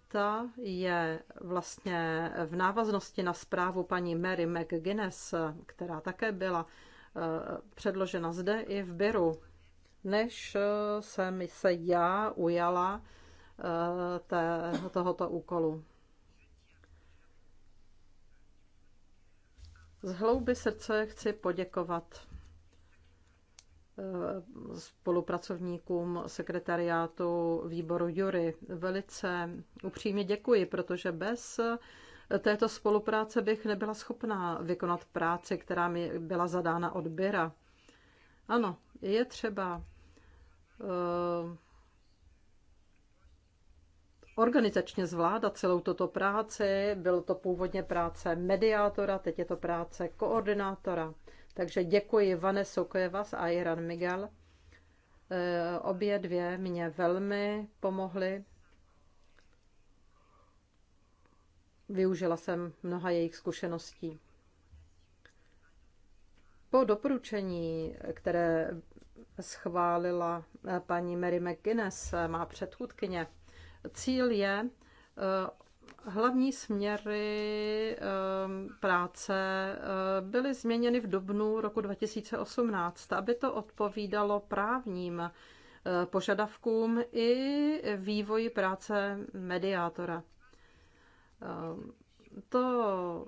ta je vlastně v návaznosti na zprávu paní Mary McGuinness, která také byla eh, předložena zde i v Biru. Než eh, jsem se já ujala eh, té, tohoto úkolu. Z hlouby srdce chci poděkovat Eh, spolupracovníkům sekretariátu výboru Jury velice upřímně děkuji, protože bez eh, této spolupráce bych nebyla schopná vykonat práci, která mi byla zadána od Byra. Ano, je třeba eh, organizačně zvládat celou toto práci. Bylo to původně práce mediátora, teď je to práce koordinátora. Takže děkuji Vanesu Kojevas a Iran Miguel. E, obě dvě mě velmi pomohly. Využila jsem mnoha jejich zkušeností. Po doporučení, které schválila paní Mary McGuinness, má předchůdkyně, cíl je e, Hlavní směry ehm, práce eh, byly změněny v dubnu roku 2018, aby to odpovídalo právním eh, požadavkům i vývoji práce mediátora. Ehm, to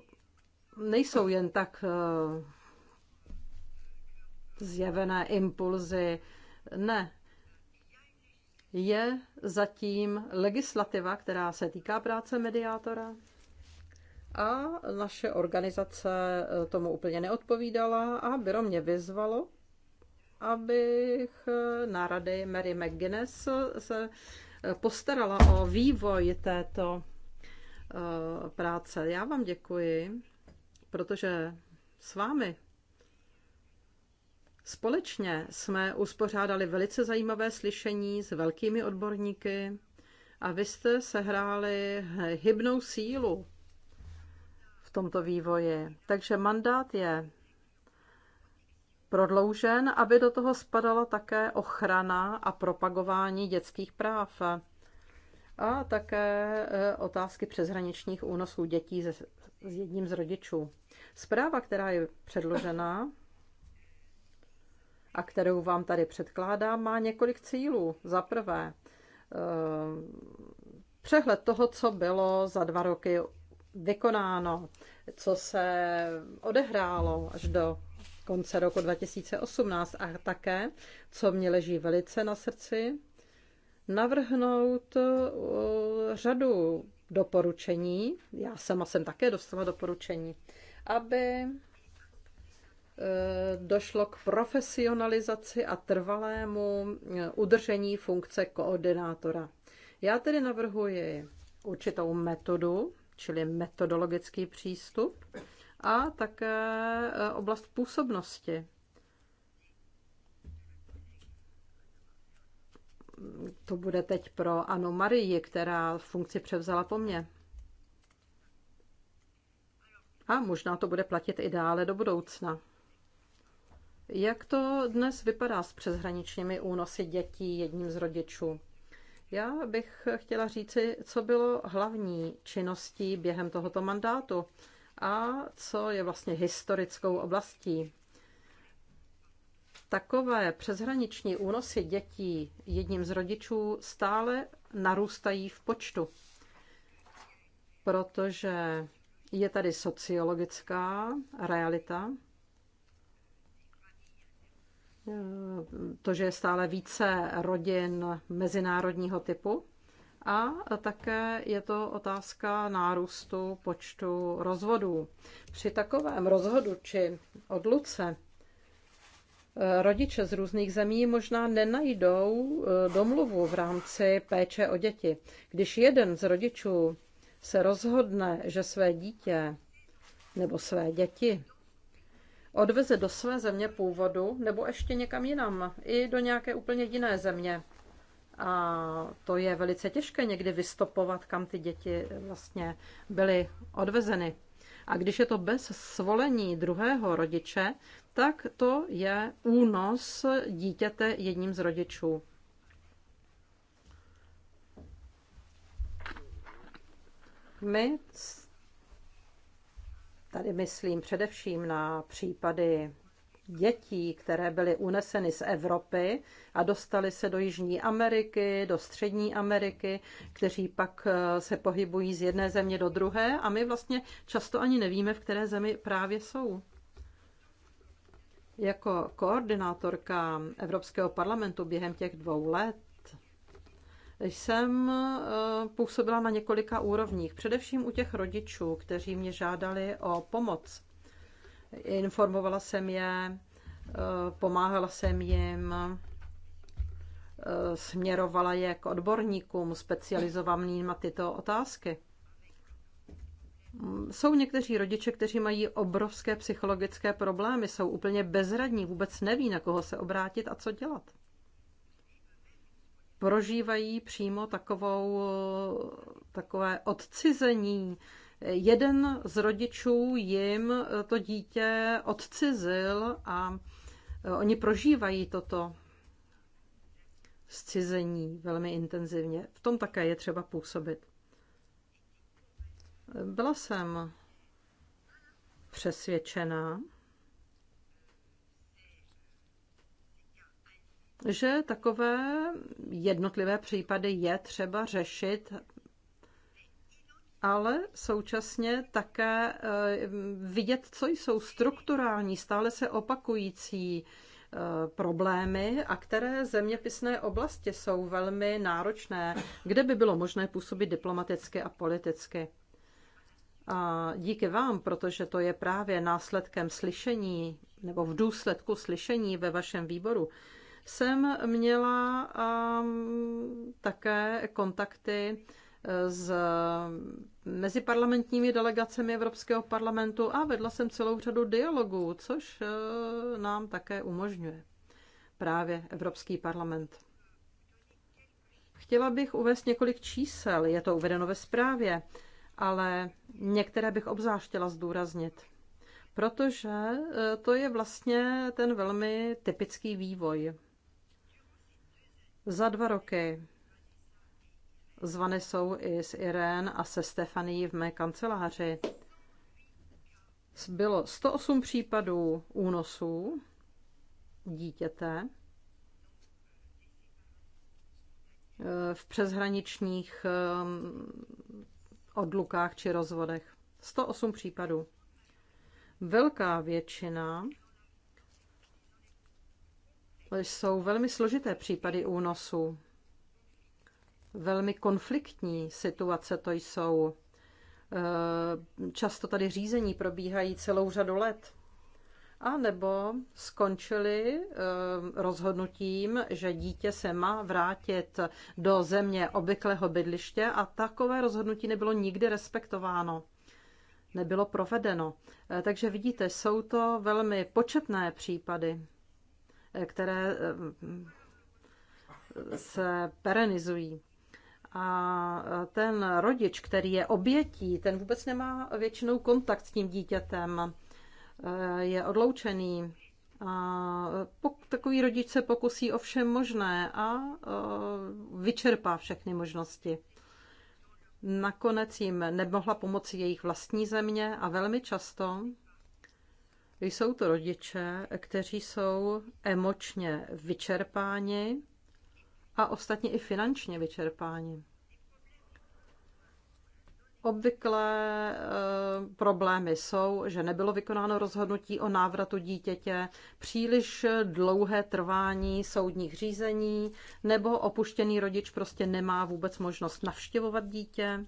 nejsou jen tak eh, zjevené impulzy, ne, je zatím legislativa, která se týká práce mediátora. A naše organizace tomu úplně neodpovídala a byro mě vyzvalo, abych na rady Mary McGuinness se postarala o vývoj této eh, práce. Já vám děkuji, protože s vámi Společně jsme uspořádali velice zajímavé slyšení s velkými odborníky a vy jste sehráli hybnou sílu v tomto vývoji. Takže mandát je prodloužen, aby do toho spadala také ochrana a propagování dětských práv a také eh, otázky přeshraničních únosů dětí s jedním z rodičů. Zpráva, která je předložená, a kterou vám tady předkládám, má několik cílů. Za prvé, eh, přehled toho, co bylo za dva roky vykonáno, co se odehrálo až do konce roku 2018 a také, co mě leží velice na srdci, navrhnout eh, řadu doporučení, já sama jsem také dostala doporučení, aby Eh, došlo k profesionalizaci a trvalému eh, udržení funkce koordinátora. Já tedy navrhuji určitou metodu, čili metodologický přístup a také eh, oblast působnosti. To bude teď pro Anu Marii, která funkci převzala po mně. A možná to bude platit i dále do budoucna. Jak to dnes vypadá s přeshraničními únosy dětí jedním z rodičů? Já bych chtěla říci, co bylo hlavní činností během tohoto mandátu a co je vlastně historickou oblastí. Takové přeshraniční únosy dětí jedním z rodičů stále narůstají v počtu, protože je tady sociologická realita, to, že je stále více rodin mezinárodního typu. A také je to otázka nárůstu počtu rozvodů. Při takovém rozhodu či odluce eh, rodiče z různých zemí možná nenajdou eh, domluvu v rámci péče o děti. Když jeden z rodičů se rozhodne, že své dítě nebo své děti odveze do své země původu nebo ještě někam jinam, i do nějaké úplně jiné země. A to je velice těžké někdy vystopovat, kam ty děti vlastně byly odvezeny. A když je to bez svolení druhého rodiče, tak to je únos dítěte jedním z rodičů. My Tady myslím především na případy dětí, které byly uneseny z Evropy a dostaly se do Jižní Ameriky, do Střední Ameriky, kteří pak eh, se pohybují z jedné země do druhé a my vlastně často ani nevíme, v které zemi právě jsou. Jako koordinátorka Evropského parlamentu během těch dvou let jsem eh, působila na několika úrovních, především u těch rodičů, kteří mě žádali o pomoc. Informovala jsem je, eh, pomáhala jsem jim, eh, směrovala je k odborníkům specializovaným na tyto otázky. Mm, jsou někteří rodiče, kteří mají obrovské psychologické problémy, jsou úplně bezradní, vůbec neví, na koho se obrátit a co dělat prožívají přímo takovou, takové odcizení. Jeden z rodičů jim to dítě odcizil a oni prožívají toto zcizení velmi intenzivně. V tom také je třeba působit. Byla jsem přesvědčená, že takové jednotlivé případy je třeba řešit, ale současně také eh, vidět, co jsou strukturální, stále se opakující eh, problémy a které zeměpisné oblasti jsou velmi náročné, kde by bylo možné působit diplomaticky a politicky. A díky vám, protože to je právě následkem slyšení nebo v důsledku slyšení ve vašem výboru, jsem měla um, také kontakty eh, s meziparlamentními delegacemi Evropského parlamentu a vedla jsem celou řadu dialogů, což eh, nám také umožňuje právě Evropský parlament. Chtěla bych uvést několik čísel, je to uvedeno ve zprávě, ale některé bych obzvlášť chtěla zdůraznit, protože eh, to je vlastně ten velmi typický vývoj za dva roky zvany jsou i s Irén a se Stefaní v mé kanceláři. Bylo 108 případů únosů dítěte eh, v přeshraničních eh, odlukách či rozvodech. 108 případů. Velká většina jsou velmi složité případy únosu. Velmi konfliktní situace to jsou. Eh, často tady řízení probíhají celou řadu let. A nebo skončili eh, rozhodnutím, že dítě se má vrátit do země obvyklého bydliště a takové rozhodnutí nebylo nikdy respektováno nebylo provedeno. Eh, takže vidíte, jsou to velmi početné případy které eh, se perenizují. A ten rodič, který je obětí, ten vůbec nemá většinou kontakt s tím dítětem, eh, je odloučený. A takový rodič se pokusí o všem možné a eh, vyčerpá všechny možnosti. Nakonec jim nemohla pomoci jejich vlastní země a velmi často jsou to rodiče, kteří jsou emočně vyčerpáni a ostatně i finančně vyčerpáni. Obvykle eh, problémy jsou, že nebylo vykonáno rozhodnutí o návratu dítěte, příliš dlouhé trvání soudních řízení, nebo opuštěný rodič prostě nemá vůbec možnost navštěvovat dítě.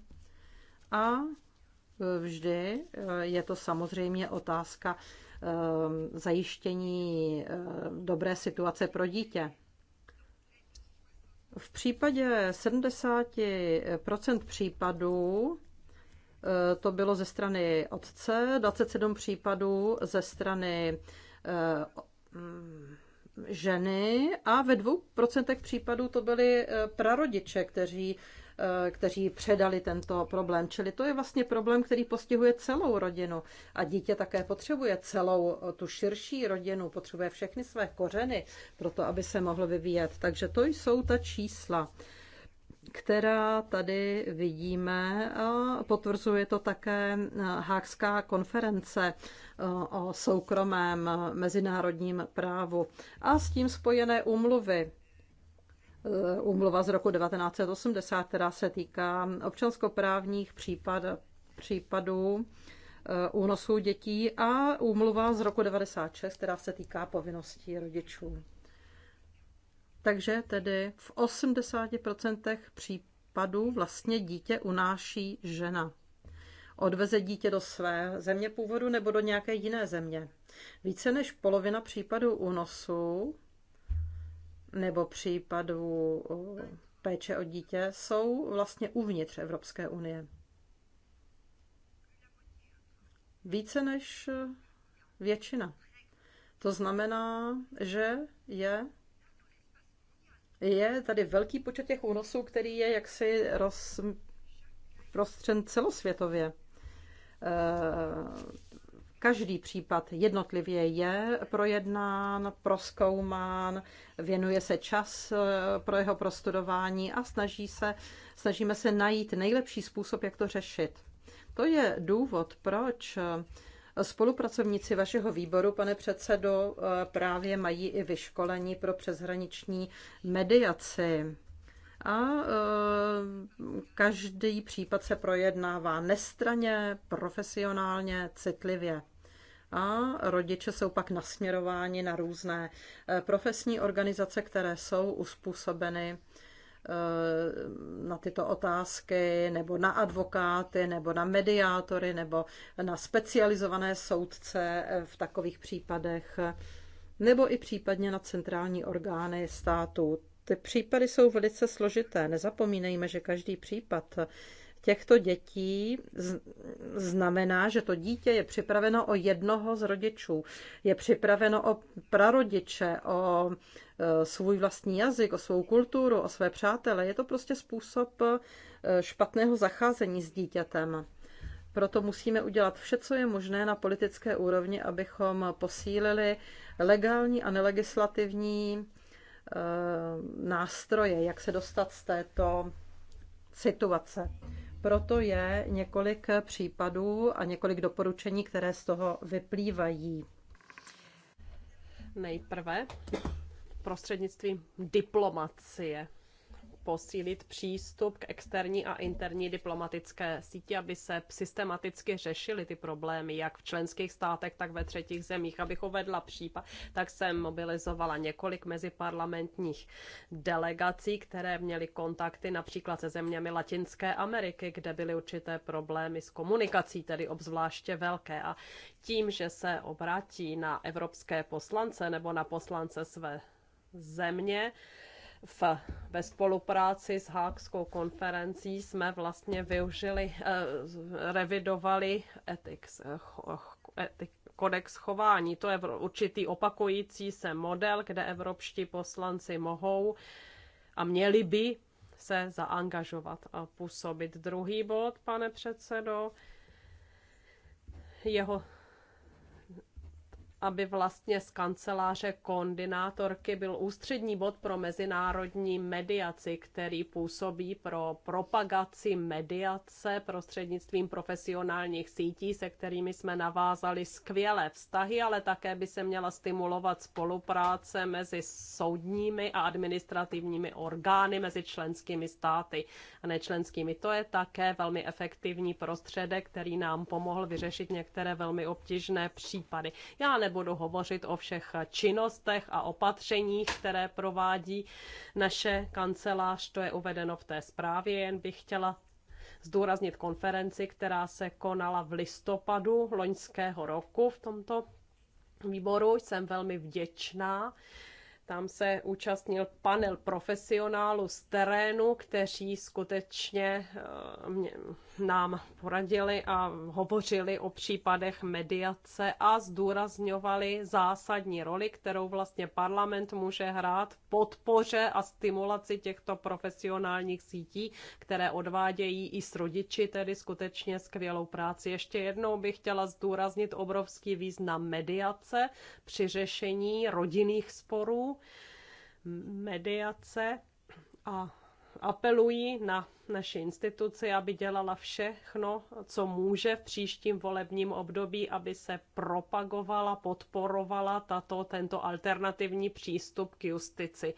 A vždy. Je to samozřejmě otázka ehm, zajištění ehm, dobré situace pro dítě. V případě 70 případů eh, to bylo ze strany otce, 27 případů ze strany eh, ženy a ve dvou procentech případů to byly eh, prarodiče, kteří Eh, kteří předali tento problém. Čili to je vlastně problém, který postihuje celou rodinu. A dítě také potřebuje celou eh, tu širší rodinu, potřebuje všechny své kořeny pro to, aby se mohlo vyvíjet. Takže to jsou ta čísla která tady vidíme. A potvrzuje to také eh, Hákská konference o soukromém mezinárodním právu a s tím spojené úmluvy úmluva eh, z roku 1980, která se týká občanskoprávních případ, případů eh, únosů dětí a úmluva z roku 96, která se týká povinností rodičů. Takže tedy v 80% případů vlastně dítě unáší žena. Odveze dítě do své země původu nebo do nějaké jiné země. Více než polovina případů únosů nebo případů eh, péče o dítě jsou vlastně uvnitř Evropské unie. Více než eh, většina. To znamená, že je, je tady velký počet těch únosů, který je jaksi rozprostřen celosvětově eh, Každý případ jednotlivě je projednán, proskoumán, věnuje se čas eh, pro jeho prostudování a snaží se, snažíme se najít nejlepší způsob, jak to řešit. To je důvod, proč eh, Spolupracovníci vašeho výboru, pane předsedo, eh, právě mají i vyškolení pro přeshraniční mediaci. A každý případ se projednává nestraně, profesionálně, citlivě a rodiče jsou pak nasměrováni na různé eh, profesní organizace, které jsou uspůsobeny eh, na tyto otázky, nebo na advokáty, nebo na mediátory, nebo na specializované soudce eh, v takových případech, nebo i případně na centrální orgány státu. Ty případy jsou velice složité. Nezapomínejme, že každý případ těchto dětí znamená, že to dítě je připraveno o jednoho z rodičů, je připraveno o prarodiče, o e, svůj vlastní jazyk, o svou kulturu, o své přátele. Je to prostě způsob e, špatného zacházení s dítětem. Proto musíme udělat vše, co je možné na politické úrovni, abychom posílili legální a nelegislativní e, nástroje, jak se dostat z této situace. Proto je několik případů a několik doporučení, které z toho vyplývají. Nejprve prostřednictvím diplomacie posílit přístup k externí a interní diplomatické síti, aby se systematicky řešily ty problémy, jak v členských státech, tak ve třetích zemích. Abych uvedla případ, tak jsem mobilizovala několik meziparlamentních delegací, které měly kontakty například se zeměmi Latinské Ameriky, kde byly určité problémy s komunikací, tedy obzvláště velké. A tím, že se obrátí na evropské poslance nebo na poslance své země, v, ve spolupráci s Hákskou konferencí jsme vlastně využili, eh, revidovali ethics, eh, ethics, kodex chování. To je určitý opakující se model, kde evropští poslanci mohou a měli by se zaangažovat a působit. Druhý bod, pane předsedo, jeho aby vlastně z kanceláře koordinátorky byl ústřední bod pro mezinárodní mediaci, který působí pro propagaci mediace prostřednictvím profesionálních sítí, se kterými jsme navázali skvělé vztahy, ale také by se měla stimulovat spolupráce mezi soudními a administrativními orgány, mezi členskými státy a nečlenskými. To je také velmi efektivní prostředek, který nám pomohl vyřešit některé velmi obtížné případy. Já ne budu hovořit o všech činnostech a opatřeních, které provádí naše kancelář, to je uvedeno v té zprávě, jen bych chtěla zdůraznit konferenci, která se konala v listopadu loňského roku v tomto výboru. Jsem velmi vděčná tam se účastnil panel profesionálů z terénu, kteří skutečně eh, nám poradili a hovořili o případech mediace a zdůrazňovali zásadní roli, kterou vlastně parlament může hrát v podpoře a stimulaci těchto profesionálních sítí, které odvádějí i s rodiči tedy skutečně skvělou práci. Ještě jednou bych chtěla zdůraznit obrovský význam mediace při řešení rodinných sporů mediace a apelují na naše instituci, aby dělala všechno, co může v příštím volebním období, aby se propagovala, podporovala tato, tento alternativní přístup k justici.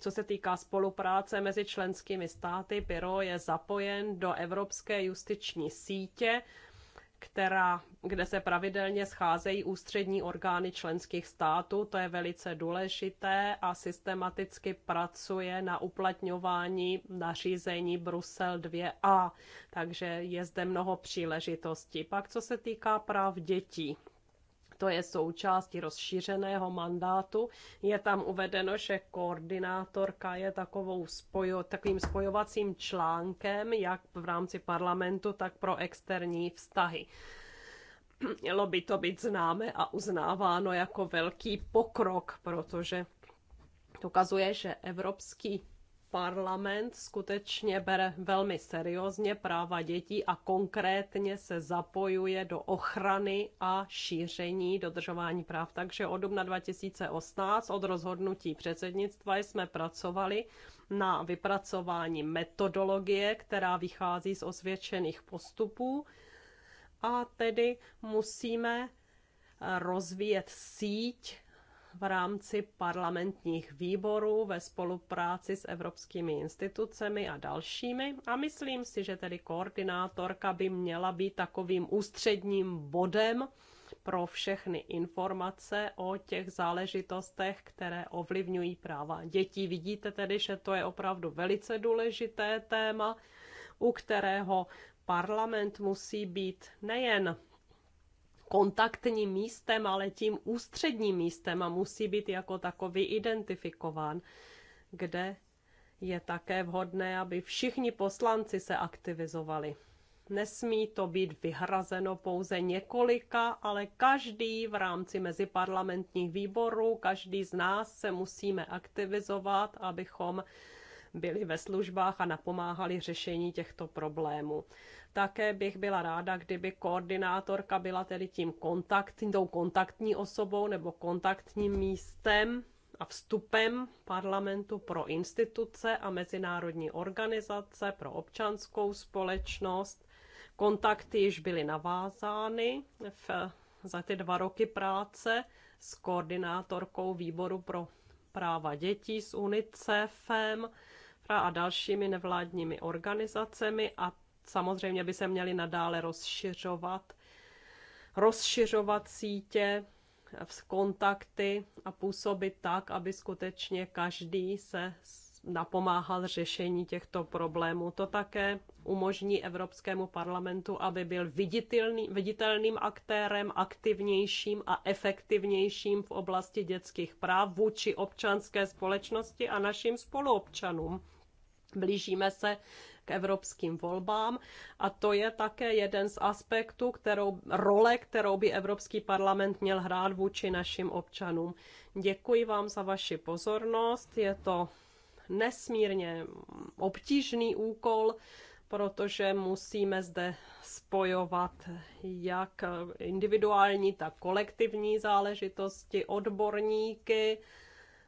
Co se týká spolupráce mezi členskými státy, Pyro je zapojen do Evropské justiční sítě, která, kde se pravidelně scházejí ústřední orgány členských států. To je velice důležité a systematicky pracuje na uplatňování nařízení Brusel 2a, takže je zde mnoho příležitostí. Pak co se týká práv dětí, to je součástí rozšířeného mandátu. Je tam uvedeno, že koordinátorka je takovou spojo, takovým spojovacím článkem, jak v rámci parlamentu, tak pro externí vztahy mělo by to být známe a uznáváno jako velký pokrok, protože ukazuje, že Evropský parlament skutečně bere velmi seriózně práva dětí a konkrétně se zapojuje do ochrany a šíření dodržování práv. Takže od dubna 2018 od rozhodnutí předsednictva jsme pracovali na vypracování metodologie, která vychází z osvědčených postupů a tedy musíme rozvíjet síť v rámci parlamentních výborů ve spolupráci s evropskými institucemi a dalšími. A myslím si, že tedy koordinátorka by měla být takovým ústředním bodem pro všechny informace o těch záležitostech, které ovlivňují práva dětí. Vidíte tedy, že to je opravdu velice důležité téma, u kterého parlament musí být nejen kontaktním místem, ale tím ústředním místem a musí být jako takový identifikován, kde je také vhodné, aby všichni poslanci se aktivizovali. Nesmí to být vyhrazeno pouze několika, ale každý v rámci meziparlamentních výborů, každý z nás se musíme aktivizovat, abychom byli ve službách a napomáhali řešení těchto problémů. Také bych byla ráda, kdyby koordinátorka byla tedy tím kontaktní, tou kontaktní osobou nebo kontaktním místem a vstupem parlamentu pro instituce a mezinárodní organizace, pro občanskou společnost. Kontakty již byly navázány v, za ty dva roky práce s koordinátorkou výboru pro práva dětí, s UNICEFem a dalšími nevládními organizacemi a samozřejmě by se měly nadále rozšiřovat, rozšiřovat sítě, kontakty a působit tak, aby skutečně každý se napomáhal řešení těchto problémů. To také umožní Evropskému parlamentu, aby byl viditelný, viditelným aktérem, aktivnějším a efektivnějším v oblasti dětských práv vůči občanské společnosti a našim spoluobčanům. Blížíme se k evropským volbám a to je také jeden z aspektů, kterou, role, kterou by Evropský parlament měl hrát vůči našim občanům. Děkuji vám za vaši pozornost, je to nesmírně obtížný úkol, protože musíme zde spojovat jak individuální, tak kolektivní záležitosti, odborníky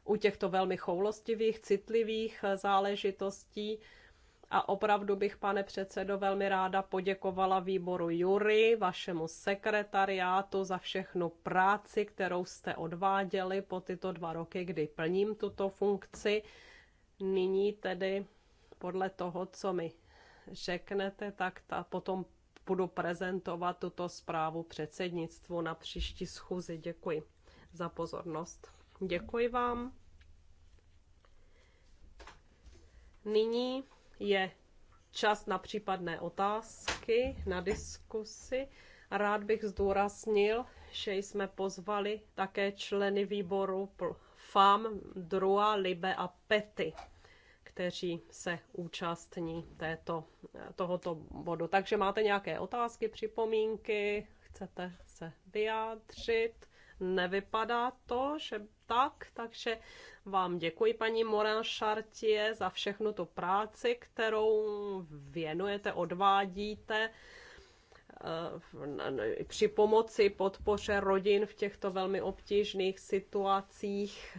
u těchto velmi choulostivých, citlivých záležitostí. A opravdu bych, pane předsedo, velmi ráda poděkovala výboru Jury, vašemu sekretariátu za všechnu práci, kterou jste odváděli po tyto dva roky, kdy plním tuto funkci. Nyní tedy podle toho, co mi řeknete, tak ta potom budu prezentovat tuto zprávu předsednictvu na příští schůzi. Děkuji za pozornost. Děkuji vám. Nyní je čas na případné otázky, na diskusy. Rád bych zdůraznil, že jsme pozvali také členy výboru FAM, DRUA, LIBE a PETY, kteří se účastní této, tohoto bodu. Takže máte nějaké otázky, připomínky, chcete se vyjádřit? Nevypadá to, že tak, takže vám děkuji, paní Moran Chartier, za všechnu tu práci, kterou věnujete, odvádíte eh, při pomoci podpoře rodin v těchto velmi obtížných situacích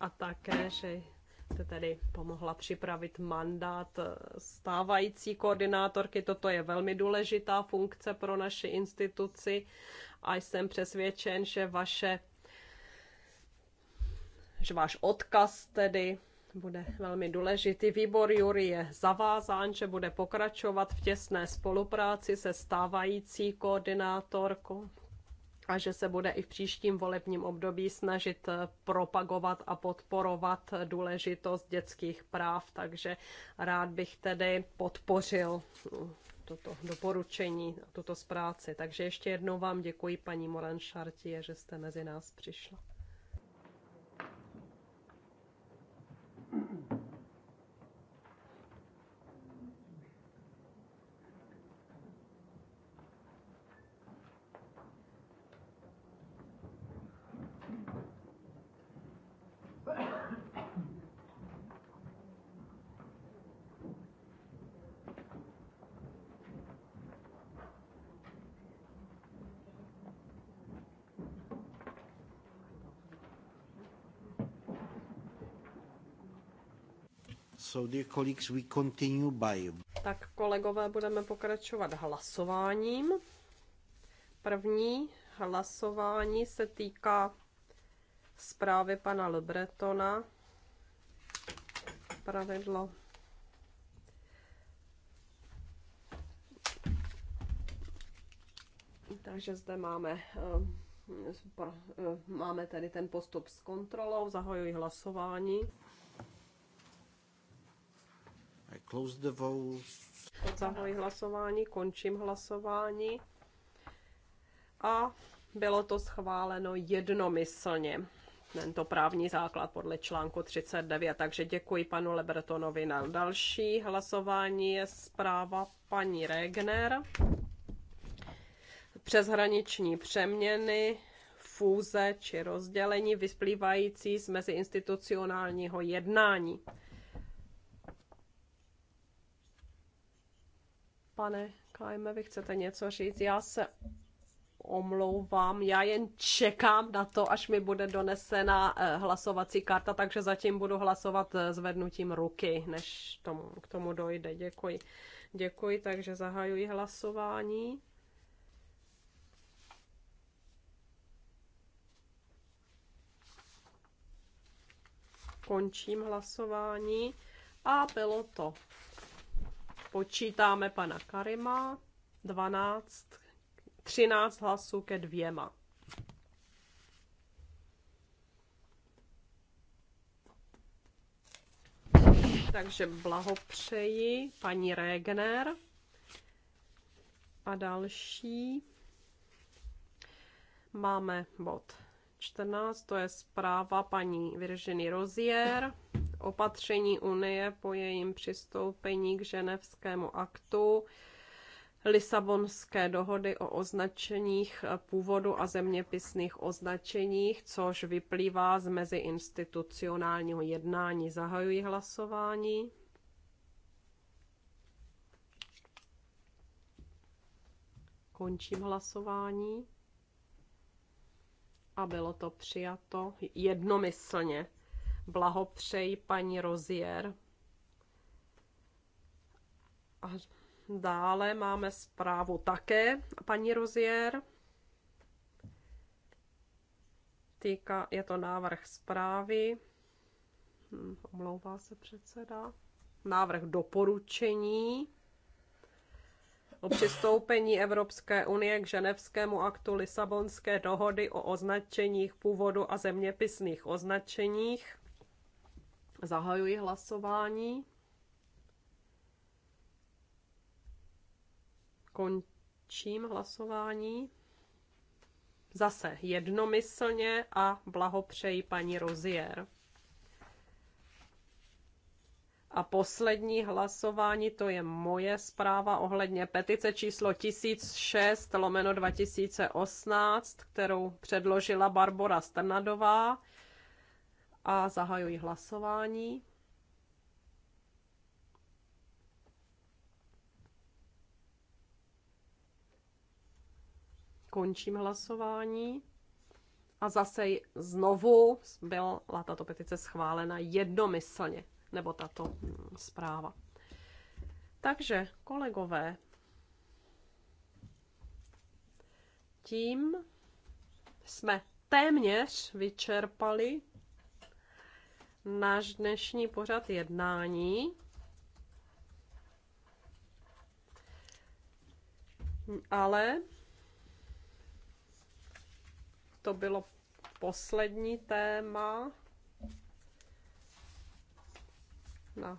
a také, že jste tedy pomohla připravit mandát eh, stávající koordinátorky. Toto je velmi důležitá funkce pro naši instituci a jsem přesvědčen, že vaše že váš odkaz tedy bude velmi důležitý. Výbor Jury je zavázán, že bude pokračovat v těsné spolupráci se stávající koordinátorkou a že se bude i v příštím volebním období snažit propagovat a podporovat důležitost dětských práv, takže rád bych tedy podpořil no, toto doporučení, tuto zpráci. Takže ještě jednou vám děkuji, paní Moran Šartie, že jste mezi nás přišla. So dear colleagues, we continue by... Tak kolegové, budeme pokračovat hlasováním. První hlasování se týká zprávy pana Lebretona. Pravidlo Takže zde máme, eh, eh, máme tady ten postup s kontrolou, zahajuji hlasování. Close the vote. Zahajuji hlasování, končím hlasování. A bylo to schváleno jednomyslně tento právní základ podle článku 39. Takže děkuji panu Lebertonovi na další hlasování. Je zpráva paní Regner. Přeshraniční přeměny, fůze či rozdělení vysplývající z meziinstitucionálního jednání. Pane Klajme, vy chcete něco říct? Já se omlouvám, já jen čekám na to, až mi bude donesena eh, hlasovací karta, takže zatím budu hlasovat eh, zvednutím ruky, než tomu, k tomu dojde. Děkuji. Děkuji, takže zahajuji hlasování. Končím hlasování a bylo to počítáme pana Karima, 12, 13 hlasů ke dvěma. Takže blahopřeji paní Regner a další. Máme bod 14, to je zpráva paní Virginie Rozier opatření Unie po jejím přistoupení k ženevskému aktu, Lisabonské dohody o označeních původu a zeměpisných označeních, což vyplývá z meziinstitucionálního jednání. Zahajuji hlasování. Končím hlasování. A bylo to přijato jednomyslně blahopřeji paní Rozier. A dále máme zprávu také paní Rozier. Týka, je to návrh zprávy. Hm, omlouvá se předseda. Návrh doporučení o přistoupení Evropské unie k ženevskému aktu Lisabonské dohody o označeních původu a zeměpisných označeních. Zahajuji hlasování. Končím hlasování. Zase jednomyslně a blahopřeji paní Rozier. A poslední hlasování, to je moje zpráva ohledně petice číslo 1006 lomeno 2018, kterou předložila Barbora Strnadová a zahajuji hlasování. Končím hlasování. A zase znovu byla tato petice schválena jednomyslně, nebo tato mm, zpráva. Takže, kolegové, tím jsme téměř vyčerpali náš dnešní pořad jednání. Ale to bylo poslední téma na,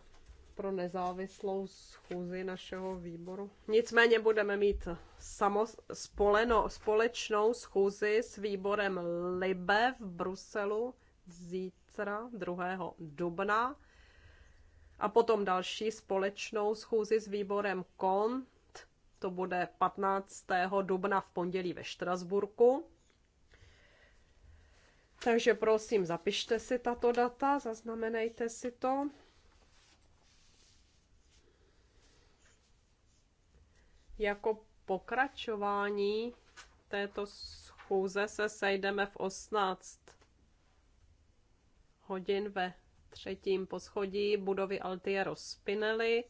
pro nezávislou schůzi našeho výboru. Nicméně budeme mít samo, spoleno, společnou schůzi s výborem LIBE v Bruselu zítra zítra, 2. dubna, a potom další společnou schůzi s výborem KONT, to bude 15. dubna v pondělí ve Štrasburku. Takže prosím, zapište si tato data, zaznamenejte si to. Jako pokračování této schůze se sejdeme v 18 hodin ve třetím poschodí budovy Altiero Spinelli.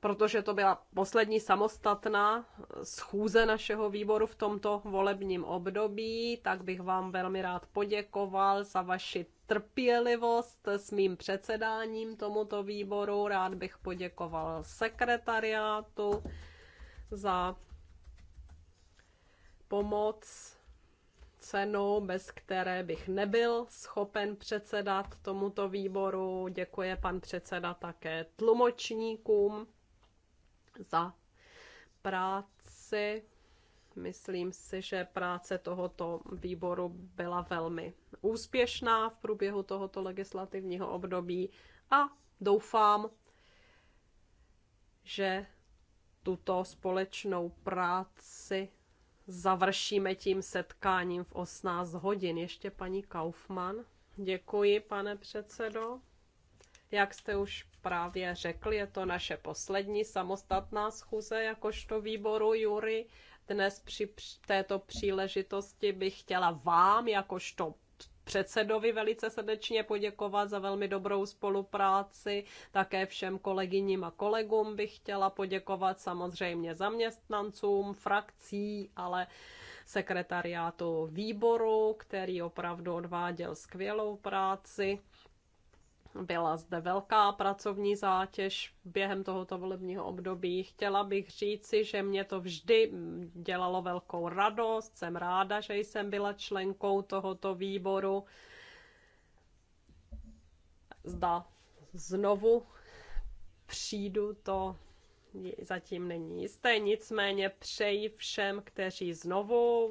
protože to byla poslední samostatná schůze našeho výboru v tomto volebním období, tak bych vám velmi rád poděkoval za vaši trpělivost s mým předsedáním tomuto výboru. Rád bych poděkoval sekretariátu za pomoc cenu, bez které bych nebyl schopen předsedat tomuto výboru. Děkuje pan předseda také tlumočníkům za práci. Myslím si, že práce tohoto výboru byla velmi úspěšná v průběhu tohoto legislativního období a doufám, že tuto společnou práci završíme tím setkáním v 18 hodin. Ještě paní Kaufmann. Děkuji, pane předsedo. Jak jste už právě řekl, je to naše poslední samostatná schůze jakožto výboru Jury. Dnes při této příležitosti bych chtěla vám, jakožto předsedovi velice srdečně poděkovat za velmi dobrou spolupráci. Také všem kolegyním a kolegům bych chtěla poděkovat samozřejmě zaměstnancům, frakcí, ale sekretariátu výboru, který opravdu odváděl skvělou práci. Byla zde velká pracovní zátěž během tohoto volebního období. Chtěla bych říci, že mě to vždy dělalo velkou radost. Jsem ráda, že jsem byla členkou tohoto výboru. Zda znovu přijdu, to zatím není jisté, nicméně přeji všem, kteří znovu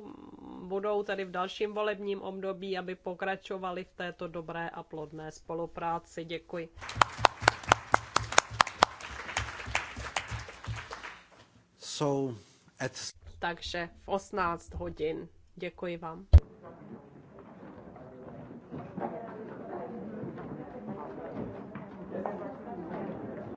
budou tady v dalším volebním období, aby pokračovali v této dobré a plodné spolupráci. Děkuji. So, at... Takže v 18 hodin. Děkuji vám.